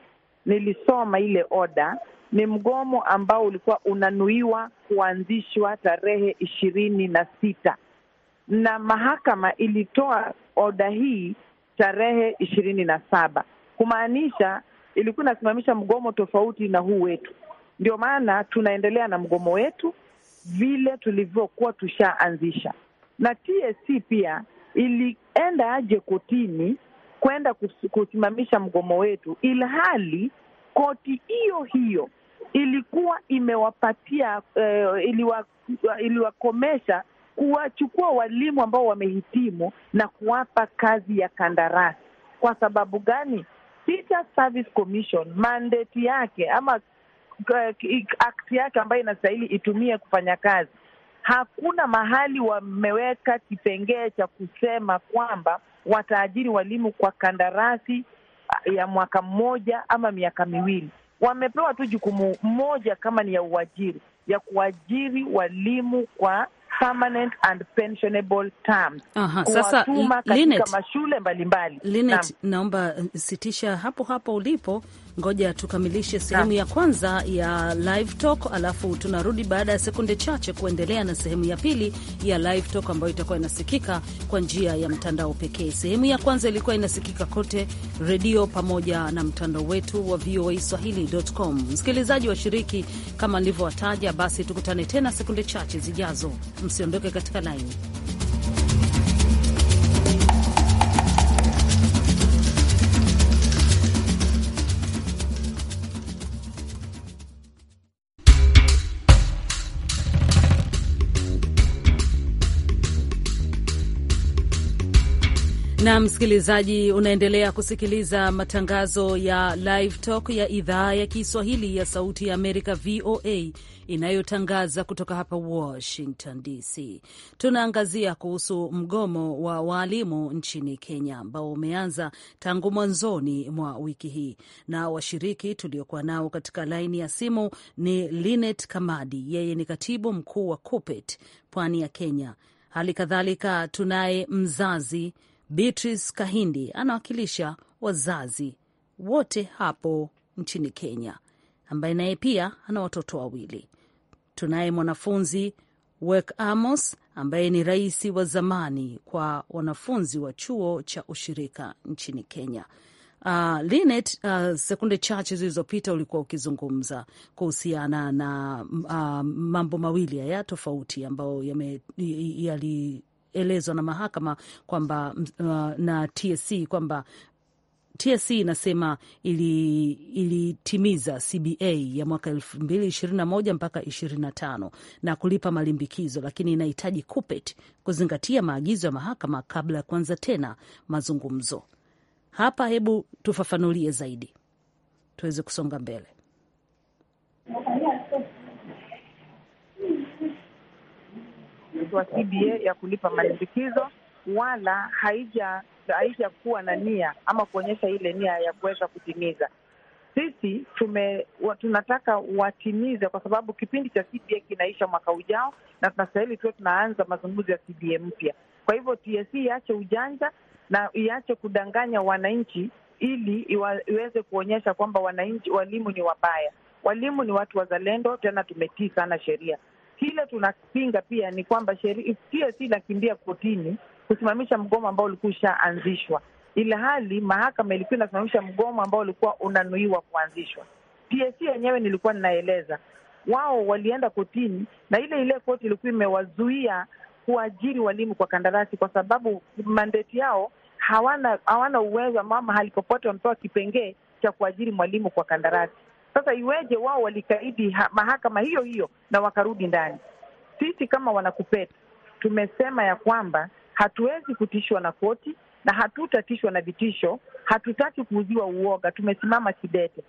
nilisoma ile oda ni mgomo ambao ulikuwa unanuiwa kuanzishwa tarehe ishirini na sita na mahakama ilitoa oda hii tarehe ishirini na saba kumaanisha ilikuwa inasimamisha mgomo tofauti na huu wetu. Ndio maana tunaendelea na mgomo wetu vile tulivyokuwa tushaanzisha. Na TSC pia ilienda aje kotini kwenda kusimamisha mgomo wetu, ilhali koti hiyo hiyo ilikuwa imewapatia eh, iliwa, iliwakomesha kuwachukua walimu ambao wamehitimu na kuwapa kazi ya kandarasi. Kwa sababu gani? Teacher Service Commission mandate yake ama eh, act yake ambayo inastahili itumie kufanya kazi, hakuna mahali wameweka kipengee cha kusema kwamba wataajiri walimu kwa kandarasi ya mwaka mmoja ama miaka miwili wamepewa tu jukumu moja, kama ni ya uajiri, ya kuajiri walimu kwa permanent and pensionable terms. Aha, sasa katika Linet, mashule mbalimbali Linet, na, naomba uh, sitisha hapo hapo ulipo, ngoja tukamilishe sehemu ya kwanza ya live talk, alafu tunarudi baada ya sekunde chache kuendelea na sehemu ya pili ya live talk ambayo itakuwa inasikika kwa njia ya mtandao pekee. Sehemu ya kwanza ilikuwa inasikika kote redio pamoja na mtandao wetu wa VOA Swahili.com. Msikilizaji washiriki, kama nilivyowataja, basi tukutane tena sekunde chache zijazo msiondoke katika laini. na msikilizaji, unaendelea kusikiliza matangazo ya Live Talk ya idhaa ya Kiswahili ya Sauti ya Amerika, VOA, inayotangaza kutoka hapa Washington DC. Tunaangazia kuhusu mgomo wa waalimu nchini Kenya ambao umeanza tangu mwanzoni mwa wiki hii, na washiriki tuliokuwa nao katika laini ya simu ni Linet Kamadi, yeye ni katibu mkuu wa KUPPET pwani ya Kenya. Hali kadhalika tunaye mzazi Beatrice Kahindi anawakilisha wazazi wote hapo nchini Kenya, ambaye naye pia ana watoto wawili. Tunaye mwanafunzi Wek Amos ambaye ni rais wa zamani kwa wanafunzi wa chuo cha ushirika nchini Kenya. Uh, ah, Linet, uh, ah, sekunde chache zilizopita ulikuwa ukizungumza kuhusiana na uh, mambo mawili haya tofauti ambayo yali elezwa na mahakama kwamba uh, na TSC kwamba TSC inasema ilitimiza ili CBA ya mwaka 2021 mpaka 25 na kulipa malimbikizo, lakini inahitaji KUPPET kuzingatia maagizo ya mahakama kabla ya kuanza tena mazungumzo. Hapa hebu tufafanulie zaidi tuweze kusonga mbele. mchakato wa CBA ya kulipa malimbikizo, wala haija haijakuwa na nia ama kuonyesha ile nia ya kuweza kutimiza. Sisi tume, wa, tunataka watimize kwa sababu kipindi cha CBA kinaisha mwaka ujao, na tunastahili tuwe tunaanza mazungumzo ya CBA mpya. Kwa hivyo TSC e iache ujanja na iache kudanganya wananchi ili iwa, iweze kuonyesha kwamba wananchi, walimu ni wabaya. Walimu ni watu wazalendo, tena tumetii sana sheria. Kile tunapinga pia ni kwamba TSC inakimbia kotini kusimamisha mgomo ambao ulikuwa ushaanzishwa, ila hali mahakama ilikuwa inasimamisha mgomo ambao ulikuwa unanuiwa kuanzishwa. TSC yenyewe nilikuwa ninaeleza, wao walienda kotini na ile ile koti ilikuwa imewazuia kuajiri walimu kwa kandarasi, kwa sababu mandeti yao hawana hawana uwezo ama mahali popote wamepewa kipengee cha kuajiri mwalimu kwa kandarasi. Sasa iweje wao walikaidi mahakama hiyo hiyo na wakarudi ndani? Sisi kama wanakupeta tumesema ya kwamba hatuwezi kutishwa na koti na hatutatishwa na vitisho. Hatutaki kuuziwa uoga, tumesimama kidete.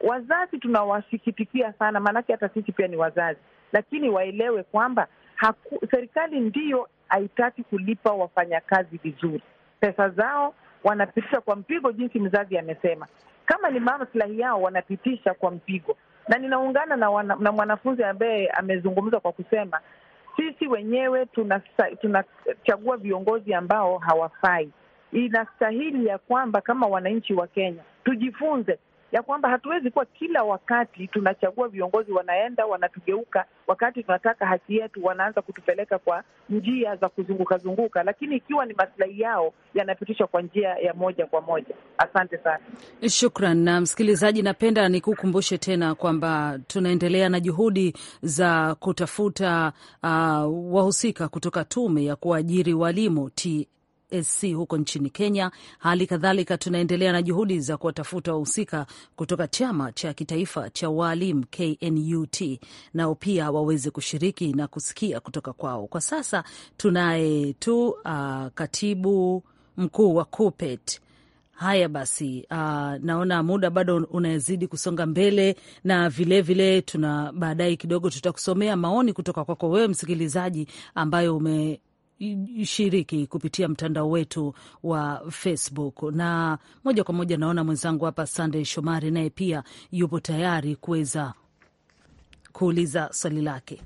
Wazazi tunawasikitikia sana, maanake hata sisi pia ni wazazi, lakini waelewe kwamba haku, serikali ndiyo haitaki kulipa wafanyakazi vizuri pesa zao, wanapitisha kwa mpigo, jinsi mzazi amesema kama ni maslahi yao wanapitisha kwa mpigo, na ninaungana na, wana, na mwanafunzi ambaye amezungumza kwa kusema sisi wenyewe tunachagua tuna viongozi ambao hawafai. Inastahili ya kwamba kama wananchi wa Kenya tujifunze ya kwamba hatuwezi kuwa kila wakati tunachagua viongozi wanaenda wanatugeuka, wakati tunataka haki yetu wanaanza kutupeleka kwa njia za kuzunguka zunguka, lakini ikiwa ni maslahi yao yanapitishwa kwa njia ya moja kwa moja. Asante sana, shukran. Na msikilizaji, napenda nikukumbushe tena kwamba tunaendelea na juhudi za kutafuta uh, wahusika kutoka tume ya kuajiri walimu T SC huko nchini Kenya. Hali kadhalika tunaendelea na juhudi za kuwatafuta wahusika kutoka chama cha kitaifa cha waalimu KNUT, nao pia waweze kushiriki na kusikia kutoka kwao. Kwa sasa tunaye tu uh, katibu mkuu wa KUPPET. Haya basi, uh, naona muda bado unazidi kusonga mbele, na vilevile vile tuna baadaye kidogo tutakusomea maoni kutoka kwako wewe msikilizaji ambayo ume shiriki kupitia mtandao wetu wa Facebook. Na moja kwa moja naona mwenzangu hapa sandey Shomari naye pia yupo tayari kuweza kuuliza swali lake.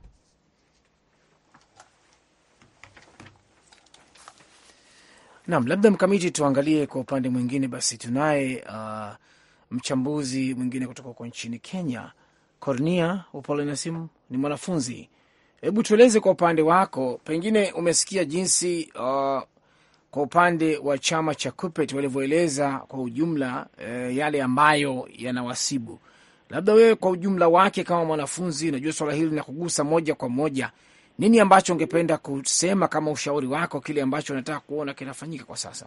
Naam, labda Mkamiti, tuangalie kwa upande mwingine basi. Tunaye uh, mchambuzi mwingine kutoka huko nchini Kenya, Cornia upole na simu ni mwanafunzi Hebu tueleze kwa upande wako, pengine umesikia jinsi uh, kwa upande wa chama cha Kupet walivyoeleza kwa ujumla uh, yale ambayo yanawasibu, labda wewe kwa ujumla wake kama mwanafunzi, najua swala hili linakugusa moja kwa moja, nini ambacho ungependa kusema kama ushauri wako, kile ambacho unataka kuona kinafanyika kwa sasa?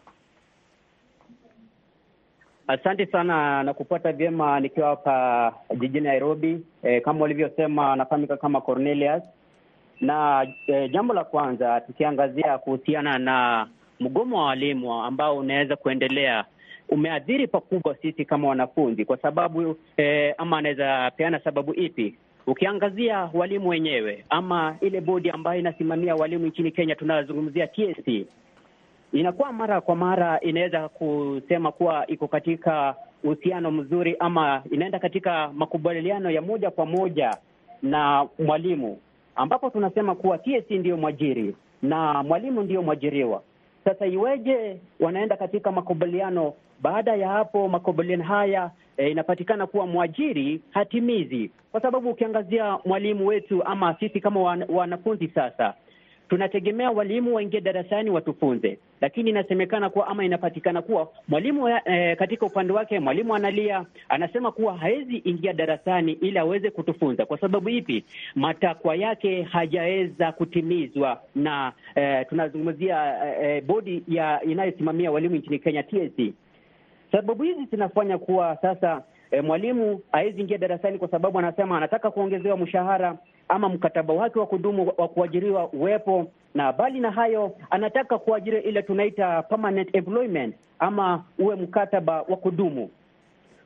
Asante sana na kupata vyema nikiwa hapa jijini Nairobi. E, kama ulivyosema, anafahamika kama Cornelius na e, jambo la kwanza tukiangazia kuhusiana na mgomo wa walimu ambao unaweza kuendelea umeathiri pakubwa sisi kama wanafunzi kwa sababu e, ama anaweza peana sababu ipi? Ukiangazia walimu wenyewe ama ile bodi ambayo inasimamia walimu nchini Kenya, tunazungumzia TSC, inakuwa mara kwa mara inaweza kusema kuwa iko katika uhusiano mzuri ama inaenda katika makubaliano ya moja kwa moja na mwalimu ambapo tunasema kuwa TSC ndiyo mwajiri na mwalimu ndiyo mwajiriwa. Sasa iweje wanaenda katika makubaliano? Baada ya hapo makubaliano haya e, inapatikana kuwa mwajiri hatimizi, kwa sababu ukiangazia mwalimu wetu ama sisi kama wan, wanafunzi sasa tunategemea walimu waingie darasani watufunze, lakini inasemekana kuwa ama inapatikana kuwa mwalimu eh, katika upande wake mwalimu analia, anasema kuwa hawezi ingia darasani ili aweze kutufunza. Kwa sababu ipi? Matakwa yake hajaweza kutimizwa na eh, tunazungumzia eh, eh bodi ya inayosimamia walimu nchini Kenya TSC. E. Sababu hizi zinafanya kuwa sasa e, mwalimu hawezi ingia darasani kwa sababu anasema anataka kuongezewa mshahara ama mkataba wake wa kudumu wa kuajiriwa uwepo, na bali na hayo, anataka kuajiri ile tunaita permanent employment, ama uwe mkataba wa kudumu.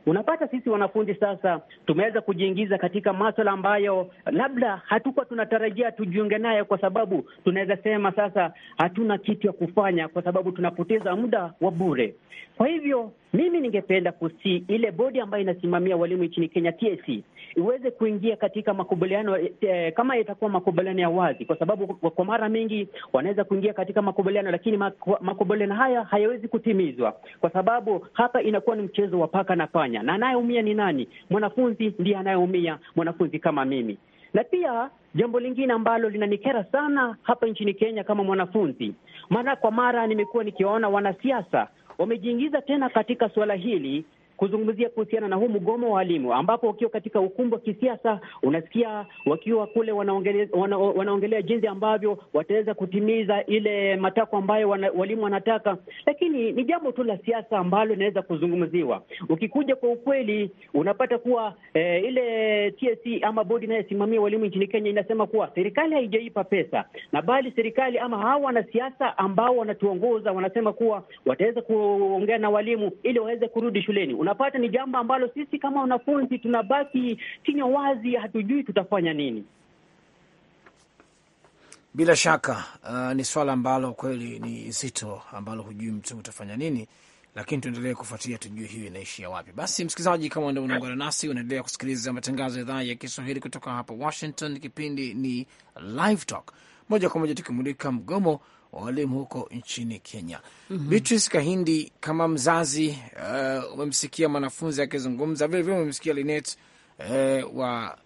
Unapata sisi wanafunzi sasa tumeweza kujiingiza katika maswala ambayo labda hatukuwa tunatarajia tujiunge naye kwa sababu tunaweza sema sasa hatuna kitu ya kufanya, kwa sababu tunapoteza muda wa bure. Kwa hivyo mimi ningependa kusi ile bodi ambayo inasimamia walimu nchini Kenya, TSC, iweze kuingia katika makubaliano eh, kama itakuwa makubaliano ya wazi, kwa sababu kwa mara mingi wanaweza kuingia katika makubaliano, lakini makubaliano haya hayawezi kutimizwa, kwa sababu hapa inakuwa ni mchezo wa paka na panya, na anayeumia ni nani? Mwanafunzi ndiye anayeumia, mwanafunzi kama mimi. Na pia jambo lingine ambalo linanikera sana hapa nchini Kenya kama mwanafunzi, mara kwa mara nimekuwa nikiwaona wanasiasa wamejiingiza tena katika suala hili kuzungumzia kuhusiana na huu mgomo wa walimu, ambapo wakiwa katika ukumbi wa kisiasa unasikia wakiwa kule wanaongelea, wana, jinsi ambavyo wataweza kutimiza ile matakwa ambayo wana, walimu wanataka, lakini ni jambo tu la siasa ambalo inaweza kuzungumziwa. Ukikuja kwa ukweli, unapata kuwa eh, ile TSC e ama bodi inayosimamia walimu nchini Kenya inasema kuwa serikali haijaipa pesa na bali serikali ama hawa wanasiasa ambao wanatuongoza wanasema kuwa wataweza kuongea na walimu ili waweze kurudi shuleni. Una unapata ni jambo ambalo sisi kama wanafunzi tunabaki kinywa wazi, hatujui tutafanya nini. Bila shaka uh, ni swala ambalo kweli ni zito, ambalo hujui mtu utafanya nini, lakini tuendelee kufuatilia tujue hiyo inaishia wapi. Basi msikilizaji, kama ndio unaungana nasi, unaendelea kusikiliza matangazo ya idhaa ya Kiswahili kutoka hapa Washington. Kipindi ni Live Talk, moja kwa moja tukimulika mgomo wa walimu huko nchini Kenya. mm -hmm. Beatrice Kahindi, kama mzazi uh, umemsikia mwanafunzi akizungumza, vilevile umemsikia Linet uh, wa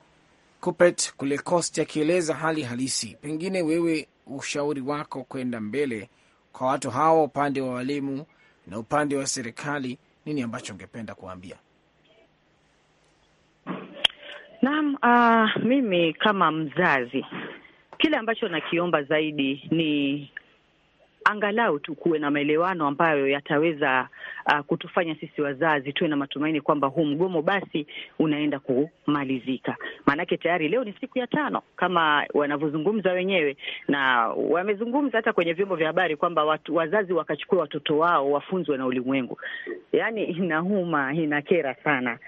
Kupet kule Coast akieleza hali halisi. Pengine wewe ushauri wako kwenda mbele kwa watu hawa, upande wa walimu na upande wa serikali, nini ambacho ungependa kuambia? Naam, uh, mimi kama mzazi kile ambacho nakiomba zaidi ni angalau tu kuwe na maelewano ambayo yataweza uh, kutufanya sisi wazazi tuwe na matumaini kwamba huu mgomo basi unaenda kumalizika. Maanake tayari leo ni siku ya tano kama wanavyozungumza wenyewe, na wamezungumza hata kwenye vyombo vya habari kwamba watu, wazazi wakachukua watoto wao wafunzwe na ulimwengu. Yaani inauma, inakera sana.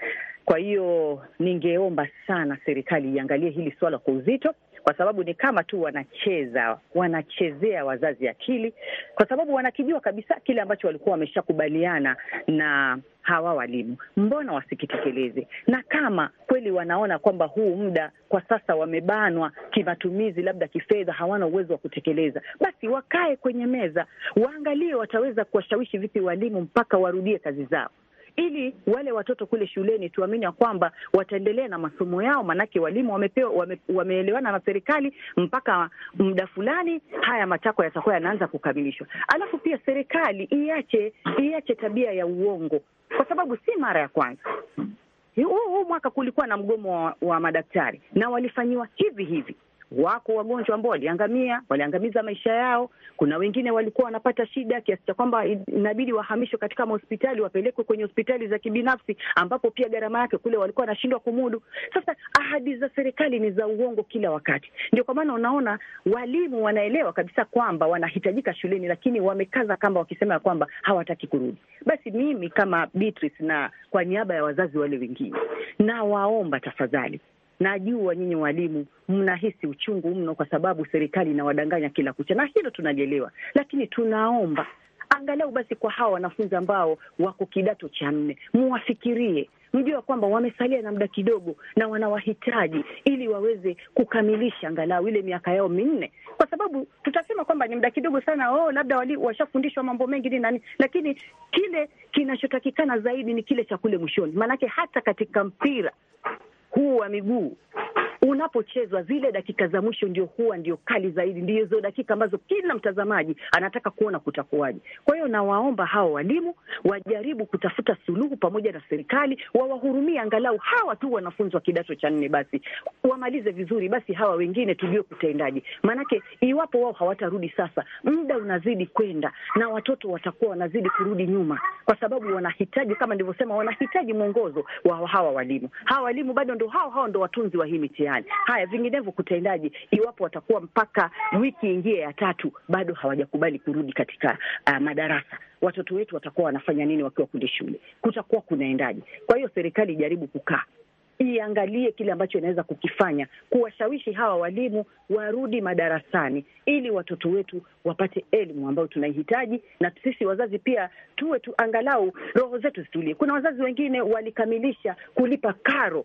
Kwa hiyo ningeomba sana serikali iangalie hili swala kwa uzito kwa sababu ni kama tu wanacheza, wanachezea wazazi akili, kwa sababu wanakijua kabisa kile ambacho walikuwa wameshakubaliana na hawa walimu, mbona wasikitekeleze? Na kama kweli wanaona kwamba huu muda kwa sasa wamebanwa kimatumizi, labda kifedha, hawana uwezo wa kutekeleza, basi wakae kwenye meza, waangalie wataweza kuwashawishi vipi walimu mpaka warudie kazi zao ili wale watoto kule shuleni tuamini ya kwamba wataendelea na masomo yao, maanake walimu wamepewa wame, wameelewana na serikali mpaka muda fulani, haya matakwa yatakuwa yanaanza kukamilishwa. Alafu pia serikali iache iache tabia ya uongo, kwa sababu si mara ya kwanza huu huu mwaka kulikuwa na mgomo wa, wa madaktari na walifanyiwa hivi hivi. Wako wagonjwa ambao waliangamia, waliangamiza maisha yao. Kuna wengine walikuwa wanapata shida kiasi cha kwamba inabidi wahamishwe katika mahospitali, wapelekwe kwenye hospitali za kibinafsi, ambapo pia gharama yake kule walikuwa wanashindwa kumudu. Sasa ahadi za serikali ni za uongo kila wakati. Ndio kwa maana unaona walimu wanaelewa kabisa kwamba wanahitajika shuleni, lakini wamekaza kamba wakisema ya kwamba hawataki kurudi. Basi mimi kama Beatrice na kwa niaba ya wazazi wale wengine, nawaomba tafadhali Najua nyinyi walimu mnahisi uchungu mno, kwa sababu serikali inawadanganya kila kucha, na hilo tunalielewa, lakini tunaomba angalau basi kwa hawa wanafunzi ambao wako kidato cha nne muwafikirie, mjua kwamba wamesalia na muda kidogo na wanawahitaji ili waweze kukamilisha angalau ile miaka yao minne, kwa sababu tutasema kwamba ni muda kidogo sana. Oh, labda washafundishwa mambo mengi ni nani, lakini kile kinachotakikana zaidi ni kile cha kule mwishoni, maanake hata katika mpira huu wa miguu unapochezwa zile dakika za mwisho ndio huwa ndio kali zaidi, ndio hizo dakika ambazo kila mtazamaji anataka kuona kutakuwaje. Kwa hiyo nawaomba hawa walimu wajaribu kutafuta suluhu pamoja na serikali, wawahurumie angalau hawa tu wanafunzi wa kidato cha nne, basi wamalize vizuri, basi hawa wengine tujue kutendaji maanake iwapo wao hawatarudi sasa, muda unazidi kwenda na watoto watakuwa wanazidi kurudi nyuma, kwa sababu wanahitaji kama nilivyosema, wanahitaji mwongozo wa hawa walimu. Hawa walimu bado ndo hao hao ndo watunzi wa hii mitihani amani. Haya, vinginevyo kutendaji, iwapo watakuwa mpaka wiki ingie ya tatu bado hawajakubali kurudi katika uh, madarasa, watoto wetu watakuwa wanafanya nini wakiwa kule shule? Kutakuwa kunaendaje? Kwa hiyo serikali ijaribu kukaa iangalie kile ambacho inaweza kukifanya kuwashawishi hawa walimu warudi madarasani ili watoto wetu wapate elimu ambayo tunaihitaji, na sisi wazazi pia tuwe tu angalau roho zetu zitulie. Kuna wazazi wengine walikamilisha kulipa karo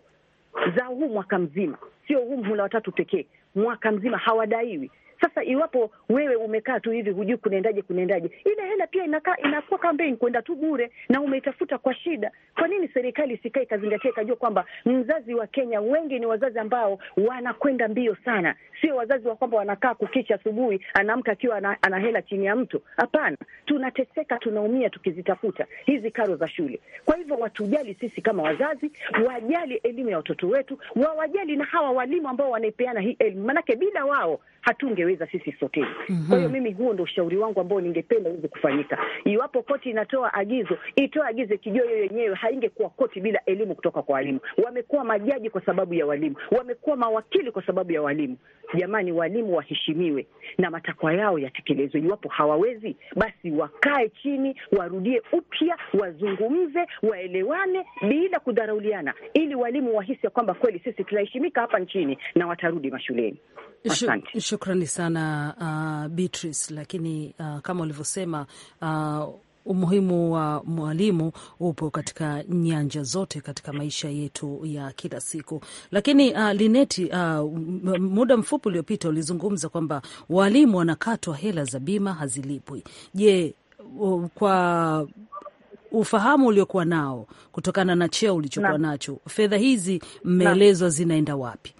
za huu mwaka mzima, sio huu mhula watatu pekee, mwaka mzima hawadaiwi. Sasa iwapo wewe umekaa tu hivi hujui kunaendaje kunaendaje, ile hela pia inakaa inakuwa kambe kwenda tu bure na umeitafuta kwa shida. Kwa nini serikali isikae ikazingatia ikajua kwamba mzazi wa Kenya wengi ni wazazi ambao wanakwenda mbio sana, sio wazazi wa kwamba wanakaa kukicha asubuhi, anaamka akiwa ana, ana hela chini ya mtu. Hapana, tunateseka tunaumia tukizitafuta hizi karo za shule. Kwa hivyo watujali sisi kama wazazi, wajali elimu ya watoto wetu, wawajali na hawa walimu ambao wanaipeana hii elimu, maanake bila wao hatungeweza sisi sote. Mm -hmm. Kwa hiyo mimi, huo ndo ushauri wangu ambao ningependa uweze kufanyika. Iwapo koti inatoa agizo, itoe agizo ikijua yenyewe haingekuwa koti bila elimu kutoka kwa walimu. Wamekuwa majaji kwa sababu ya walimu, wamekuwa mawakili kwa sababu ya walimu. Jamani, walimu waheshimiwe na matakwa yao yatekelezwe. Iwapo hawawezi, basi wakae chini, warudie upya, wazungumze, waelewane bila kudharauliana, ili walimu wahisi ya kwamba kweli sisi tunaheshimika hapa nchini na watarudi mashuleni. Asante. Shukrani sana uh, Beatrice, lakini uh, kama ulivyosema uh, umuhimu wa mwalimu upo katika nyanja zote katika maisha yetu ya kila siku. Lakini uh, Lineti, uh, muda mfupi uliopita ulizungumza kwamba walimu wanakatwa hela za bima, hazilipwi. Je, kwa ufahamu uliokuwa nao kutokana na cheo ulichokuwa na nacho, fedha hizi mmeelezwa zinaenda wapi?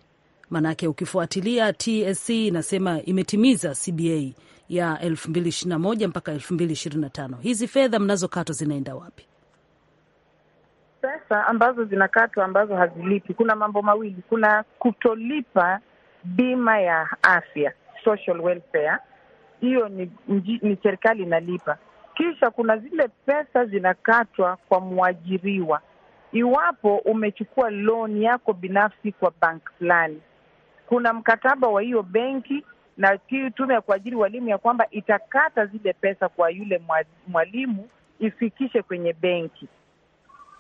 Maanake ukifuatilia TSC inasema imetimiza CBA ya 2021 mpaka 2025. Hizi fedha mnazokatwa zinaenda wapi? Pesa ambazo zinakatwa ambazo hazilipi, kuna mambo mawili, kuna kutolipa bima ya afya social welfare, hiyo ni, ni serikali inalipa. Kisha kuna zile pesa zinakatwa kwa mwajiriwa iwapo umechukua loan yako binafsi kwa bank fulani kuna mkataba wa hiyo benki na tume ya kuajiri walimu ya kwamba itakata zile pesa kwa yule mwalimu ifikishe kwenye benki.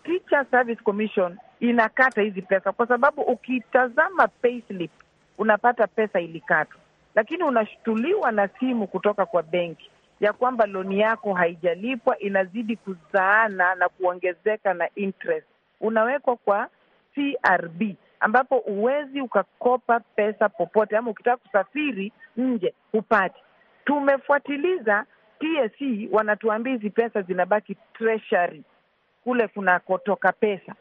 Teacher Service Commission inakata hizi pesa, kwa sababu ukitazama payslip unapata pesa ilikatwa, lakini unashutuliwa na simu kutoka kwa benki ya kwamba loni yako haijalipwa, inazidi kuzaana na kuongezeka na interest, unawekwa kwa CRB ambapo huwezi ukakopa pesa popote, ama ukitaka kusafiri nje hupati. Tumefuatiliza TSC, e, wanatuambia hizi pesa zinabaki treasury, kule kunakotoka pesa.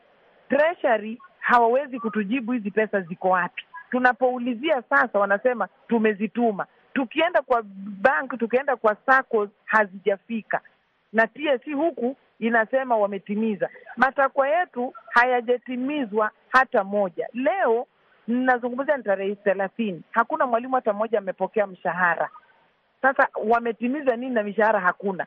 Treasury hawawezi kutujibu hizi pesa ziko wapi. Tunapoulizia sasa, wanasema tumezituma. Tukienda kwa bank, tukienda kwa SACCOS hazijafika, na TSC e huku inasema wametimiza. Matakwa yetu hayajatimizwa hata moja. Leo ninazungumzia ni tarehe thelathini, hakuna mwalimu hata mmoja amepokea mshahara. Sasa wametimiza nini na mishahara hakuna?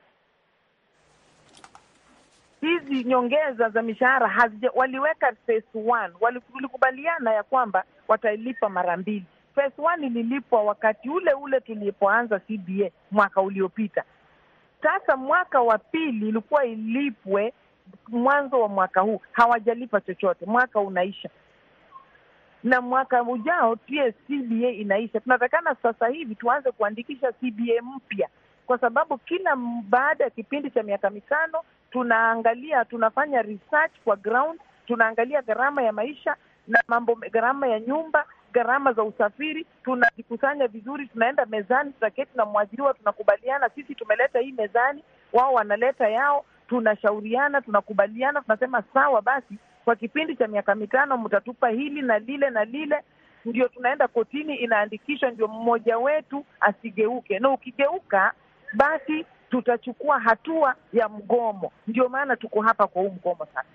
Hizi nyongeza za mishahara hazija, waliweka phase one, walikubaliana ya kwamba watailipa mara mbili. Phase one ililipwa wakati ule ule tulipoanza CBA mwaka uliopita. Sasa mwaka wa pili ilikuwa ilipwe mwanzo wa mwaka huu, hawajalipa chochote, mwaka unaisha na mwaka ujao pia CBA inaisha. Tunatakana sasa hivi tuanze kuandikisha CBA mpya, kwa sababu kila baada ya kipindi cha miaka mitano tunaangalia, tunafanya research kwa ground, tunaangalia gharama ya maisha na mambo, gharama ya nyumba gharama za usafiri, tunajikusanya vizuri, tunaenda mezani, tunaketi na mwajiriwa, tunakubaliana, sisi tumeleta hii mezani, wao wanaleta yao, tunashauriana, tunakubaliana, tunasema sawa, basi kwa kipindi cha miaka mitano mtatupa hili na lile na lile ndio tunaenda kotini, inaandikishwa, ndio mmoja wetu asigeuke, na ukigeuka basi tutachukua hatua ya mgomo. Ndio maana tuko hapa kwa huu mgomo sasa.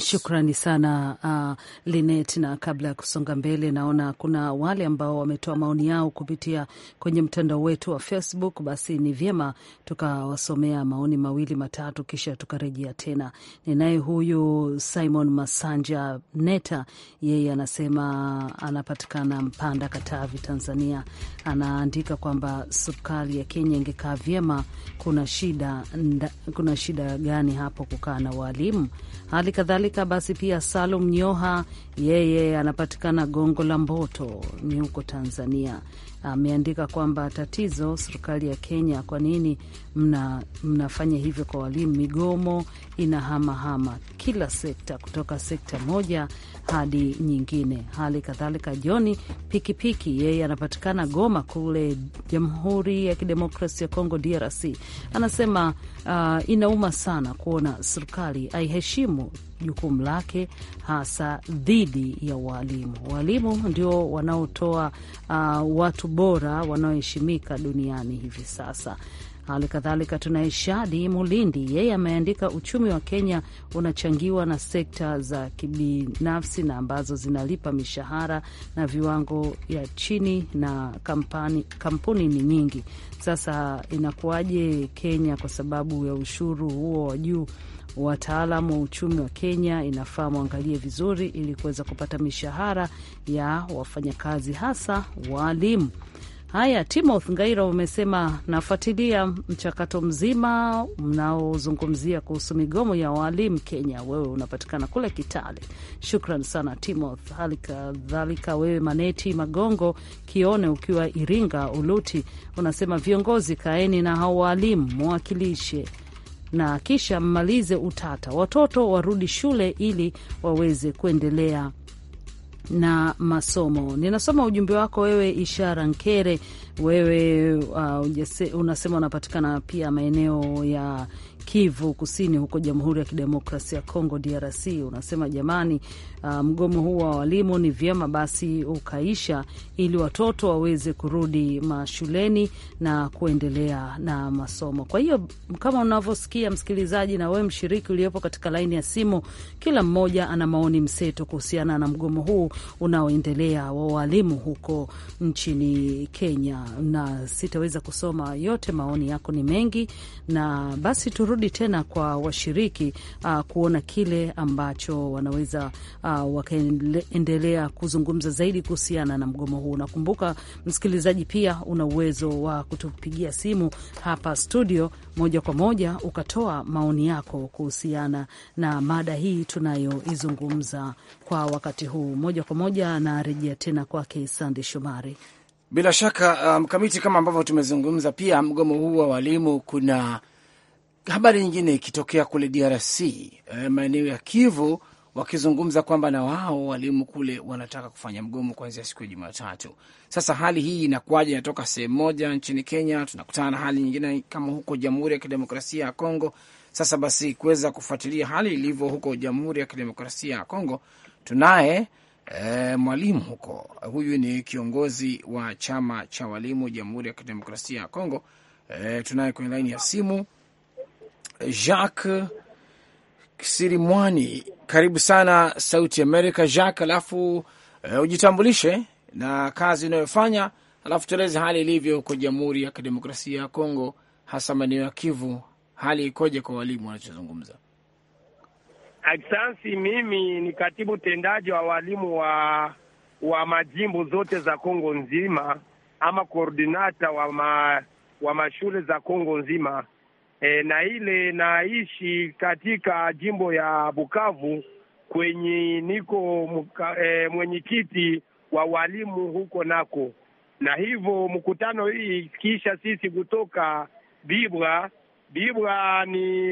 Shukrani sana uh, Linet. Na kabla ya kusonga mbele, naona kuna wale ambao wametoa maoni yao kupitia kwenye mtandao wetu wa Facebook. Basi ni vyema tukawasomea maoni mawili matatu, kisha tukarejea tena. Ninaye huyu Simon Masanja Neta, yeye anasema anapatikana Mpanda, Katavi, Tanzania. Anaandika kwamba serikali ya Kenya ingekaa vyema. Kuna shida, kuna shida gani hapo kukaa na waalimu? Hali kadhalika kadhalika basi pia Salum Nyoha yeye anapatikana Gongo la Mboto, ni huko Tanzania. Ameandika kwamba tatizo, serikali ya Kenya, kwa nini mna, mnafanya hivyo kwa walimu? Migomo inahamahama kila sekta, kutoka sekta moja hadi nyingine. Hali kadhalika Joni Pikipiki yeye anapatikana Goma kule Jamhuri ya kidemokrasi ya Kongo, DRC, anasema uh, inauma sana kuona serikali aiheshimu jukumu lake hasa dhidi ya walimu Waalimu ndio wanaotoa uh, watu bora wanaoheshimika duniani hivi sasa. Hali kadhalika tunaye Shadi Mulindi, yeye ameandika uchumi wa Kenya unachangiwa na sekta za kibinafsi na ambazo zinalipa mishahara na viwango ya chini, na kampani, kampuni ni nyingi. Sasa inakuwaje Kenya kwa sababu ya ushuru huo wa juu wataalamu wa uchumi wa Kenya inafaa mwangalie vizuri ili kuweza kupata mishahara ya wafanyakazi hasa waalimu. Haya, timoth Ngairo umesema nafuatilia mchakato mzima mnaozungumzia kuhusu migomo ya waalimu Kenya. Wewe unapatikana kule Kitale. Shukran sana Timoth. Hali kadhalika wewe Maneti Magongo Kione ukiwa Iringa Uluti unasema viongozi kaeni na hao waalimu mwakilishe na kisha mmalize utata, watoto warudi shule ili waweze kuendelea na masomo. Ninasoma ujumbe wako wewe, Ishara Nkere. Wewe uh, unasema unapatikana pia maeneo ya Kivu Kusini huko Jamhuri ya Kidemokrasia ya Kongo, DRC. Unasema jamani, uh, mgomo huu wa walimu ni vyema basi ukaisha, ili watoto waweze kurudi mashuleni na kuendelea na masomo. Kwa hiyo kama unavyosikia msikilizaji, na wewe mshiriki uliopo katika laini ya simu, kila mmoja ana maoni mseto kuhusiana na mgomo huu unaoendelea wa walimu huko nchini Kenya, na sitaweza kusoma yote. Maoni yako ni mengi, na basi turudi turudi tena kwa washiriki uh, kuona kile ambacho wanaweza uh, wakaendelea kuzungumza zaidi kuhusiana na mgomo huu. Nakumbuka msikilizaji, pia una uwezo wa kutupigia simu hapa studio moja kwa moja ukatoa maoni yako kuhusiana na mada hii tunayoizungumza kwa wakati huu. Moja kwa moja narejea tena kwake Sande Shomari. Bila shaka uh, mkamiti, um, kama ambavyo tumezungumza, pia mgomo huu wa walimu kuna habari nyingine ikitokea kule DRC eh, maeneo ya Kivu wakizungumza kwamba na wao walimu kule wanataka kufanya mgomo kuanzia siku ya Jumatatu. Sasa hali hii inakuwaje? Inatoka sehemu moja nchini Kenya, tunakutana na hali nyingine kama huko Jamhuri ya Kidemokrasia ya Kongo. Sasa basi kuweza kufuatilia hali ilivyo huko Jamhuri ya Kidemokrasia ya Kongo, tunaye e, mwalimu huko. Huyu ni kiongozi wa chama cha walimu Jamhuri ya Kidemokrasia ya Kongo. E, tunaye kwenye laini ya simu Jacques Sirimwani, karibu sana Sauti Amerika. Jacques, alafu uh, ujitambulishe na kazi unayofanya, alafu tueleze hali ilivyo huko Jamhuri ya Kidemokrasia ya Kongo, hasa maeneo ya Kivu. Hali ikoje kwa walimu wanachozungumza? Aksansi, mimi ni katibu tendaji wa walimu wa wa majimbo zote za Kongo nzima, ama koordinata wa ma, wa mashule za Kongo nzima e, na ile naishi katika jimbo ya Bukavu kwenye niko e, mwenyekiti wa walimu huko nako, na hivyo mkutano hii kisha sisi kutoka Bibwa. Bibwa ni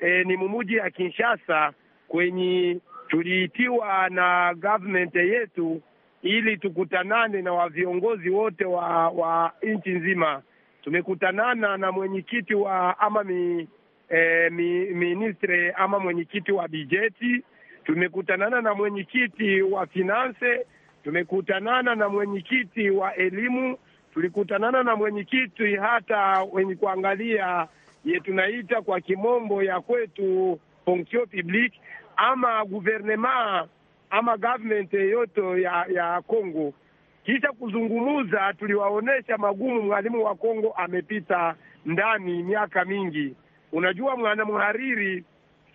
e, ni mumuji ya Kinshasa kwenye tuliitiwa na government yetu ili tukutanane na waviongozi wote wa, wa nchi nzima tumekutanana na mwenyekiti wa ama mi, e, mi, ministre ama mwenyekiti wa bijeti, tumekutanana na mwenyekiti wa finance, tumekutanana na mwenyekiti wa elimu, tulikutanana na mwenyekiti hata wenye kuangalia ye tunaita kwa kimombo ya kwetu fonction publique ama gouvernement ama government yote ya ya Congo kisha kuzungumuza, tuliwaonyesha magumu mwalimu wa Kongo amepita ndani miaka mingi. Unajua, mwana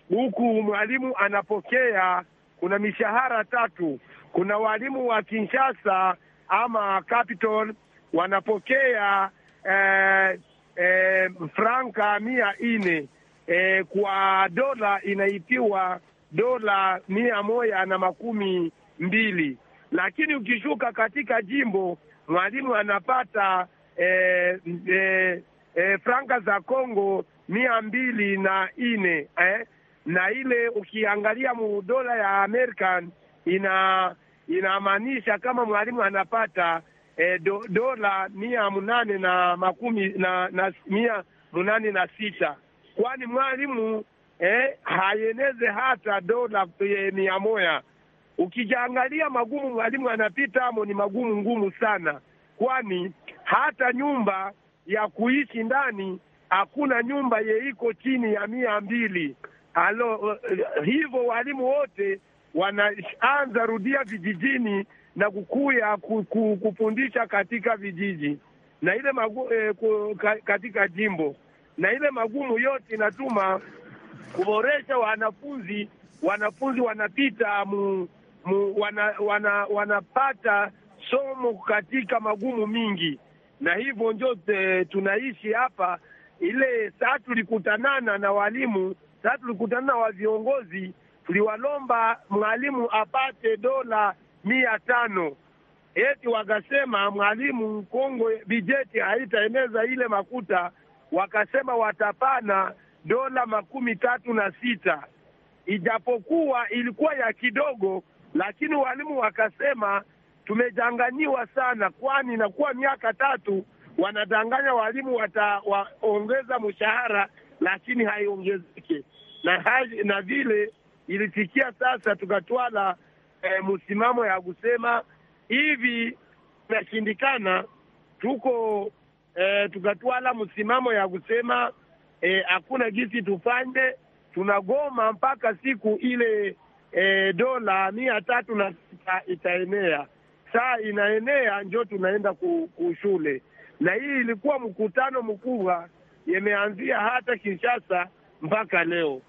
huku mwalimu anapokea kuna mishahara tatu. Kuna walimu wa Kinshasa ama Capital wanapokea eh, eh, franka mia nne eh, kwa dola inaitiwa dola mia moja na makumi mbili lakini ukishuka katika jimbo, mwalimu anapata e, e, e, franka za congo mia mbili na nne eh? na ile ukiangalia dola ya American ina inamaanisha kama mwalimu anapata e, do, dola mia munane na makumi na, na mia munane na sita kwani mwalimu eh, hayeneze hata dola mia moya Ukijaangalia magumu mwalimu anapita amo ni magumu ngumu sana, kwani hata nyumba ya kuishi ndani hakuna nyumba yeiko chini ya mia mbili alo. Uh, eh, eh, hivyo walimu wote wanaanza rudia vijijini na kukuya kufundisha katika vijiji na ile magu, eh, katika jimbo na ile magumu yote inatuma kuboresha wanafunzi, wanafunzi wanapita mu wana, wana, wanapata somo katika magumu mingi, na hivyo ndio eh, tunaishi hapa. Ile saa tulikutanana na walimu, saa tulikutanana na wa viongozi, tuliwalomba mwalimu apate dola mia tano eti wakasema mwalimu Kongo bijeti haitaeneza ile makuta, wakasema watapana dola makumi tatu na sita ijapokuwa ilikuwa ya kidogo lakini walimu wakasema tumejanganyiwa sana, kwani inakuwa miaka tatu wanadanganya walimu watawaongeza mshahara, lakini haiongezeke na hai, na vile ilifikia sasa tukatwala e, msimamo ya kusema hivi inashindikana, tuko e, tukatwala msimamo ya kusema eh, hakuna e, gisi tufanye, tunagoma mpaka siku ile e, dola mia tatu na sita itaenea. Saa inaenea njo tunaenda kushule na hii ilikuwa mkutano mkubwa yameanzia hata Kinshasa mpaka leo.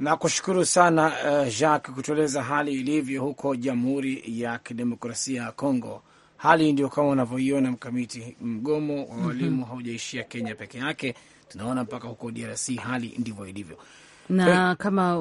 Na kushukuru sana uh, Jacques kutueleza hali ilivyo huko Jamhuri ya Kidemokrasia ya congo Hali ndio kama unavyoiona mkamiti, mgomo wa mhm. walimu haujaishia Kenya peke yake, tunaona mpaka huko DRC hali ndivyo ilivyo na eh, kama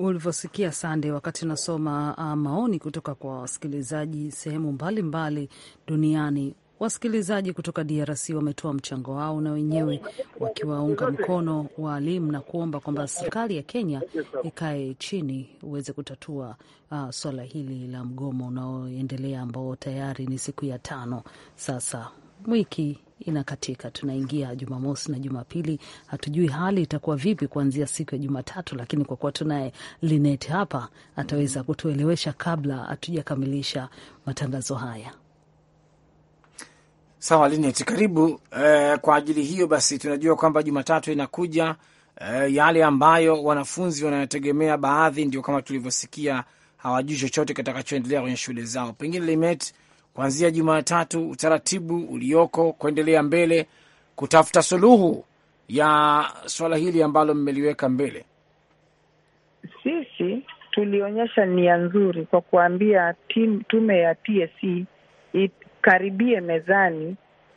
ulivyosikia Sande, wakati unasoma uh, maoni kutoka kwa wasikilizaji sehemu mbalimbali mbali duniani wasikilizaji kutoka DRC wametoa mchango wao na wenyewe wakiwaunga mkono waalimu na kuomba kwamba serikali ya Kenya ikae chini uweze kutatua uh, swala hili la mgomo unaoendelea ambao tayari ni siku ya tano sasa, wiki inakatika. Tunaingia Jumamosi na Jumapili, hatujui hali itakuwa vipi kuanzia siku ya Jumatatu, lakini kwa kuwa tunaye Linet hapa ataweza kutuelewesha kabla hatujakamilisha matangazo haya. Sawa Linet, karibu. E, kwa ajili hiyo basi tunajua kwamba Jumatatu inakuja. E, yale ambayo wanafunzi wanayotegemea, baadhi ndio kama tulivyosikia hawajui chochote kitakachoendelea kwenye shule zao. Pengine Linet kuanzia Jumatatu utaratibu ulioko kuendelea mbele kutafuta suluhu ya swala hili ambalo mmeliweka mbele? Sisi tulionyesha nia nzuri kwa kuambia tim, tume ya TSC e ikaribie mezani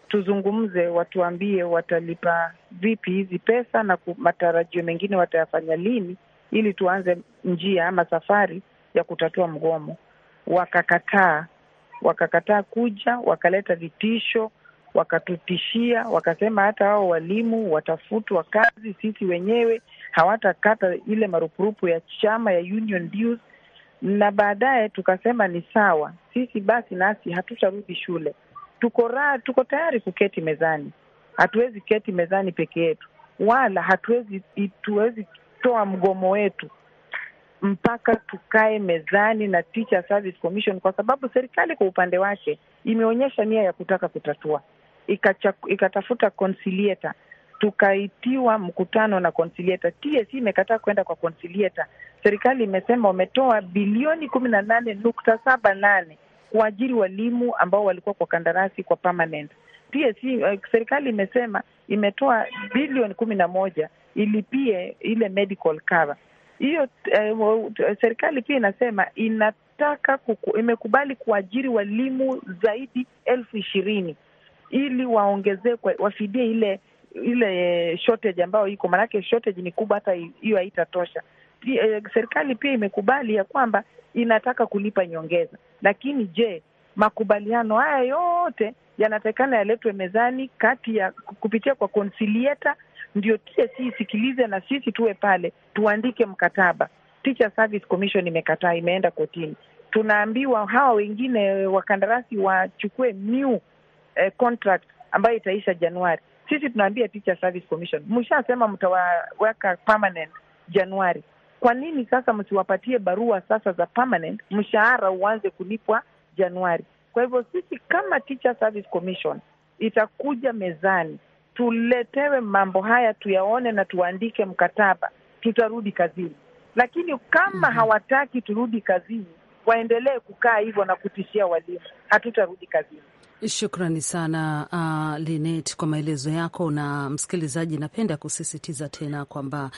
tuzungumze, watuambie watalipa vipi hizi pesa na matarajio mengine watayafanya lini, ili tuanze njia ama safari ya kutatua mgomo. Wakakataa wakakataa kuja, wakaleta vitisho, wakatutishia, wakasema hata hao walimu watafutwa kazi, sisi wenyewe hawatakata ile marupurupu ya chama ya union dues. Na baadaye tukasema ni sawa, sisi basi nasi hatutarudi shule, tuko raha, tuko tayari kuketi mezani. Hatuwezi keti mezani peke yetu, wala hatuwezi, hatuwezi toa mgomo wetu mpaka tukae mezani na Teacher Service Commission, kwa sababu serikali kwa upande wake imeonyesha nia ya kutaka kutatua, ikatafuta conciliator, tukaitiwa mkutano na conciliator. TSC e imekataa kwenda kwa conciliator. Serikali imesema wametoa bilioni kumi na nane nukta saba nane kuajiri walimu ambao walikuwa kwa kandarasi kwa permanent. TSC, uh, e, eh, serikali imesema imetoa bilioni kumi na moja ilipie ile medical cover hiyo uh, serikali pia inasema inataka kuku, imekubali kuajiri walimu zaidi elfu ishirini ili waongezekwe wafidie ile ile shortage ambayo iko, maanake shortage ni kubwa, hata hiyo haitatosha. Eh, serikali pia imekubali ya kwamba inataka kulipa nyongeza, lakini je, makubaliano haya yote yanatakikana yaletwe mezani kati ya kupitia kwa conciliator ndio TSC isikilize na sisi tuwe pale tuandike mkataba. Teacher Service Commission imekataa, imeenda kotini. Tunaambiwa hawa wengine wakandarasi wachukue new eh, contract ambayo itaisha Januari. Sisi tunaambia Teacher Service Commission, mshasema mtawaweka permanent Januari, kwa nini sasa msiwapatie barua sasa za permanent, mshahara uanze kulipwa Januari? Kwa hivyo sisi kama Teacher Service Commission itakuja mezani tuletewe mambo haya tuyaone na tuandike mkataba, tutarudi kazini. Lakini kama mhm. hawataki turudi kazini, waendelee kukaa hivyo na kutishia walimu, hatutarudi kazini. Shukrani sana uh, Linet kwa maelezo yako. Na msikilizaji, napenda kusisitiza tena kwamba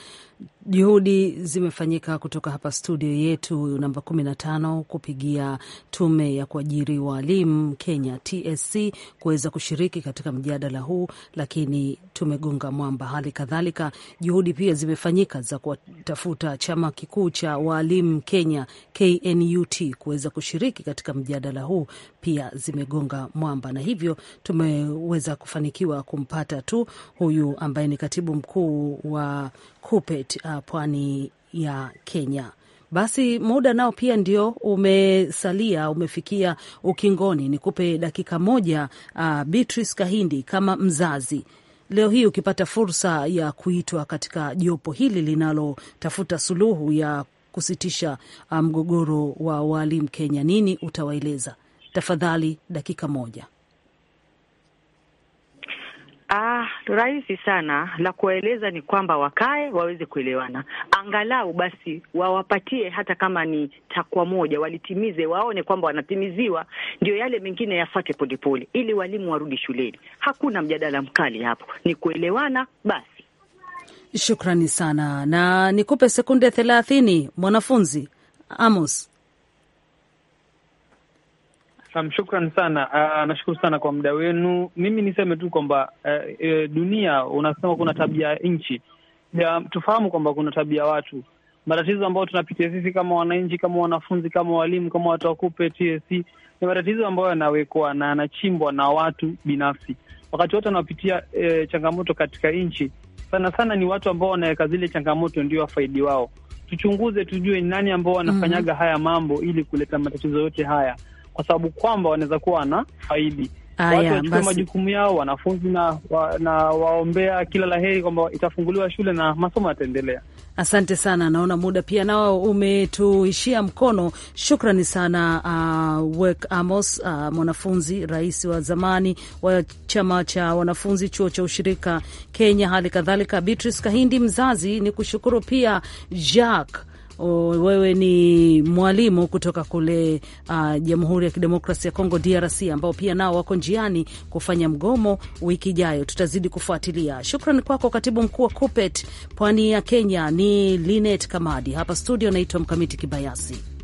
juhudi zimefanyika kutoka hapa studio yetu namba 15 kupigia tume ya kuajiri waalimu Kenya TSC kuweza kushiriki katika mjadala huu, lakini tumegonga mwamba. Hali kadhalika juhudi pia zimefanyika za kuwatafuta chama kikuu cha waalimu Kenya KNUT kuweza kushiriki katika mjadala huu, pia zimegonga mwamba mwamba, na hivyo tumeweza kufanikiwa kumpata tu huyu ambaye ni katibu mkuu wa KUPPET uh, pwani ya Kenya. Basi muda nao pia ndio umesalia, umefikia ukingoni. Nikupe dakika moja, uh, Beatrice Kahindi, kama mzazi leo hii ukipata fursa ya kuitwa katika jopo hili linalotafuta suluhu ya kusitisha uh, mgogoro wa waalimu Kenya, nini utawaeleza? Tafadhali dakika moja. Ah, rahisi sana la kuwaeleza ni kwamba wakae waweze kuelewana, angalau basi wawapatie hata kama ni takwa moja, walitimize, waone kwamba wanatimiziwa, ndio yale mengine yafate polepole, ili walimu warudi shuleni. Hakuna mjadala mkali hapo, ni kuelewana basi. Shukrani sana, na nikupe sekunde thelathini mwanafunzi Amos. Um, shukran sana uh, nashukuru sana kwa muda wenu. Mimi niseme tu kwamba uh, uh, dunia unasema kuna tabia nchi ya, tufahamu kwamba kuna tabia watu, matatizo ambayo tunapitia sisi kama wananchi, kama wanafunzi, kama walimu, kama watu wakupe TSC ni matatizo ambayo yanawekwa na yanachimbwa na watu binafsi. Wakati wote wanaopitia e, uh, changamoto katika nchi, sana sana ni watu ambao wanaweka zile changamoto ndio wafaidi wao. Tuchunguze, tujue ni nani ambao wanafanyaga mm -hmm. haya mambo ili kuleta matatizo yote haya kwa sababu kwamba wanaweza kuwa wana faidi watu majukumu yao, wanafunzi na, wa, na waombea kila laheri kwamba itafunguliwa shule na masomo yataendelea. Asante sana, naona muda pia nao umetuishia mkono. Shukrani sana uh, Wek Amos uh, mwanafunzi rais wa zamani wa chama cha wanafunzi chuo cha ushirika Kenya, hali kadhalika Beatrice Kahindi mzazi, ni kushukuru pia Jacques O, wewe ni mwalimu kutoka kule uh, Jamhuri ya Kidemokrasia ya Kongo DRC, ambao pia nao wako njiani kufanya mgomo wiki ijayo. Tutazidi kufuatilia. Shukrani kwako katibu mkuu wa KUPET pwani ya Kenya ni Linet Kamadi. Hapa studio naitwa Mkamiti Kibayasi.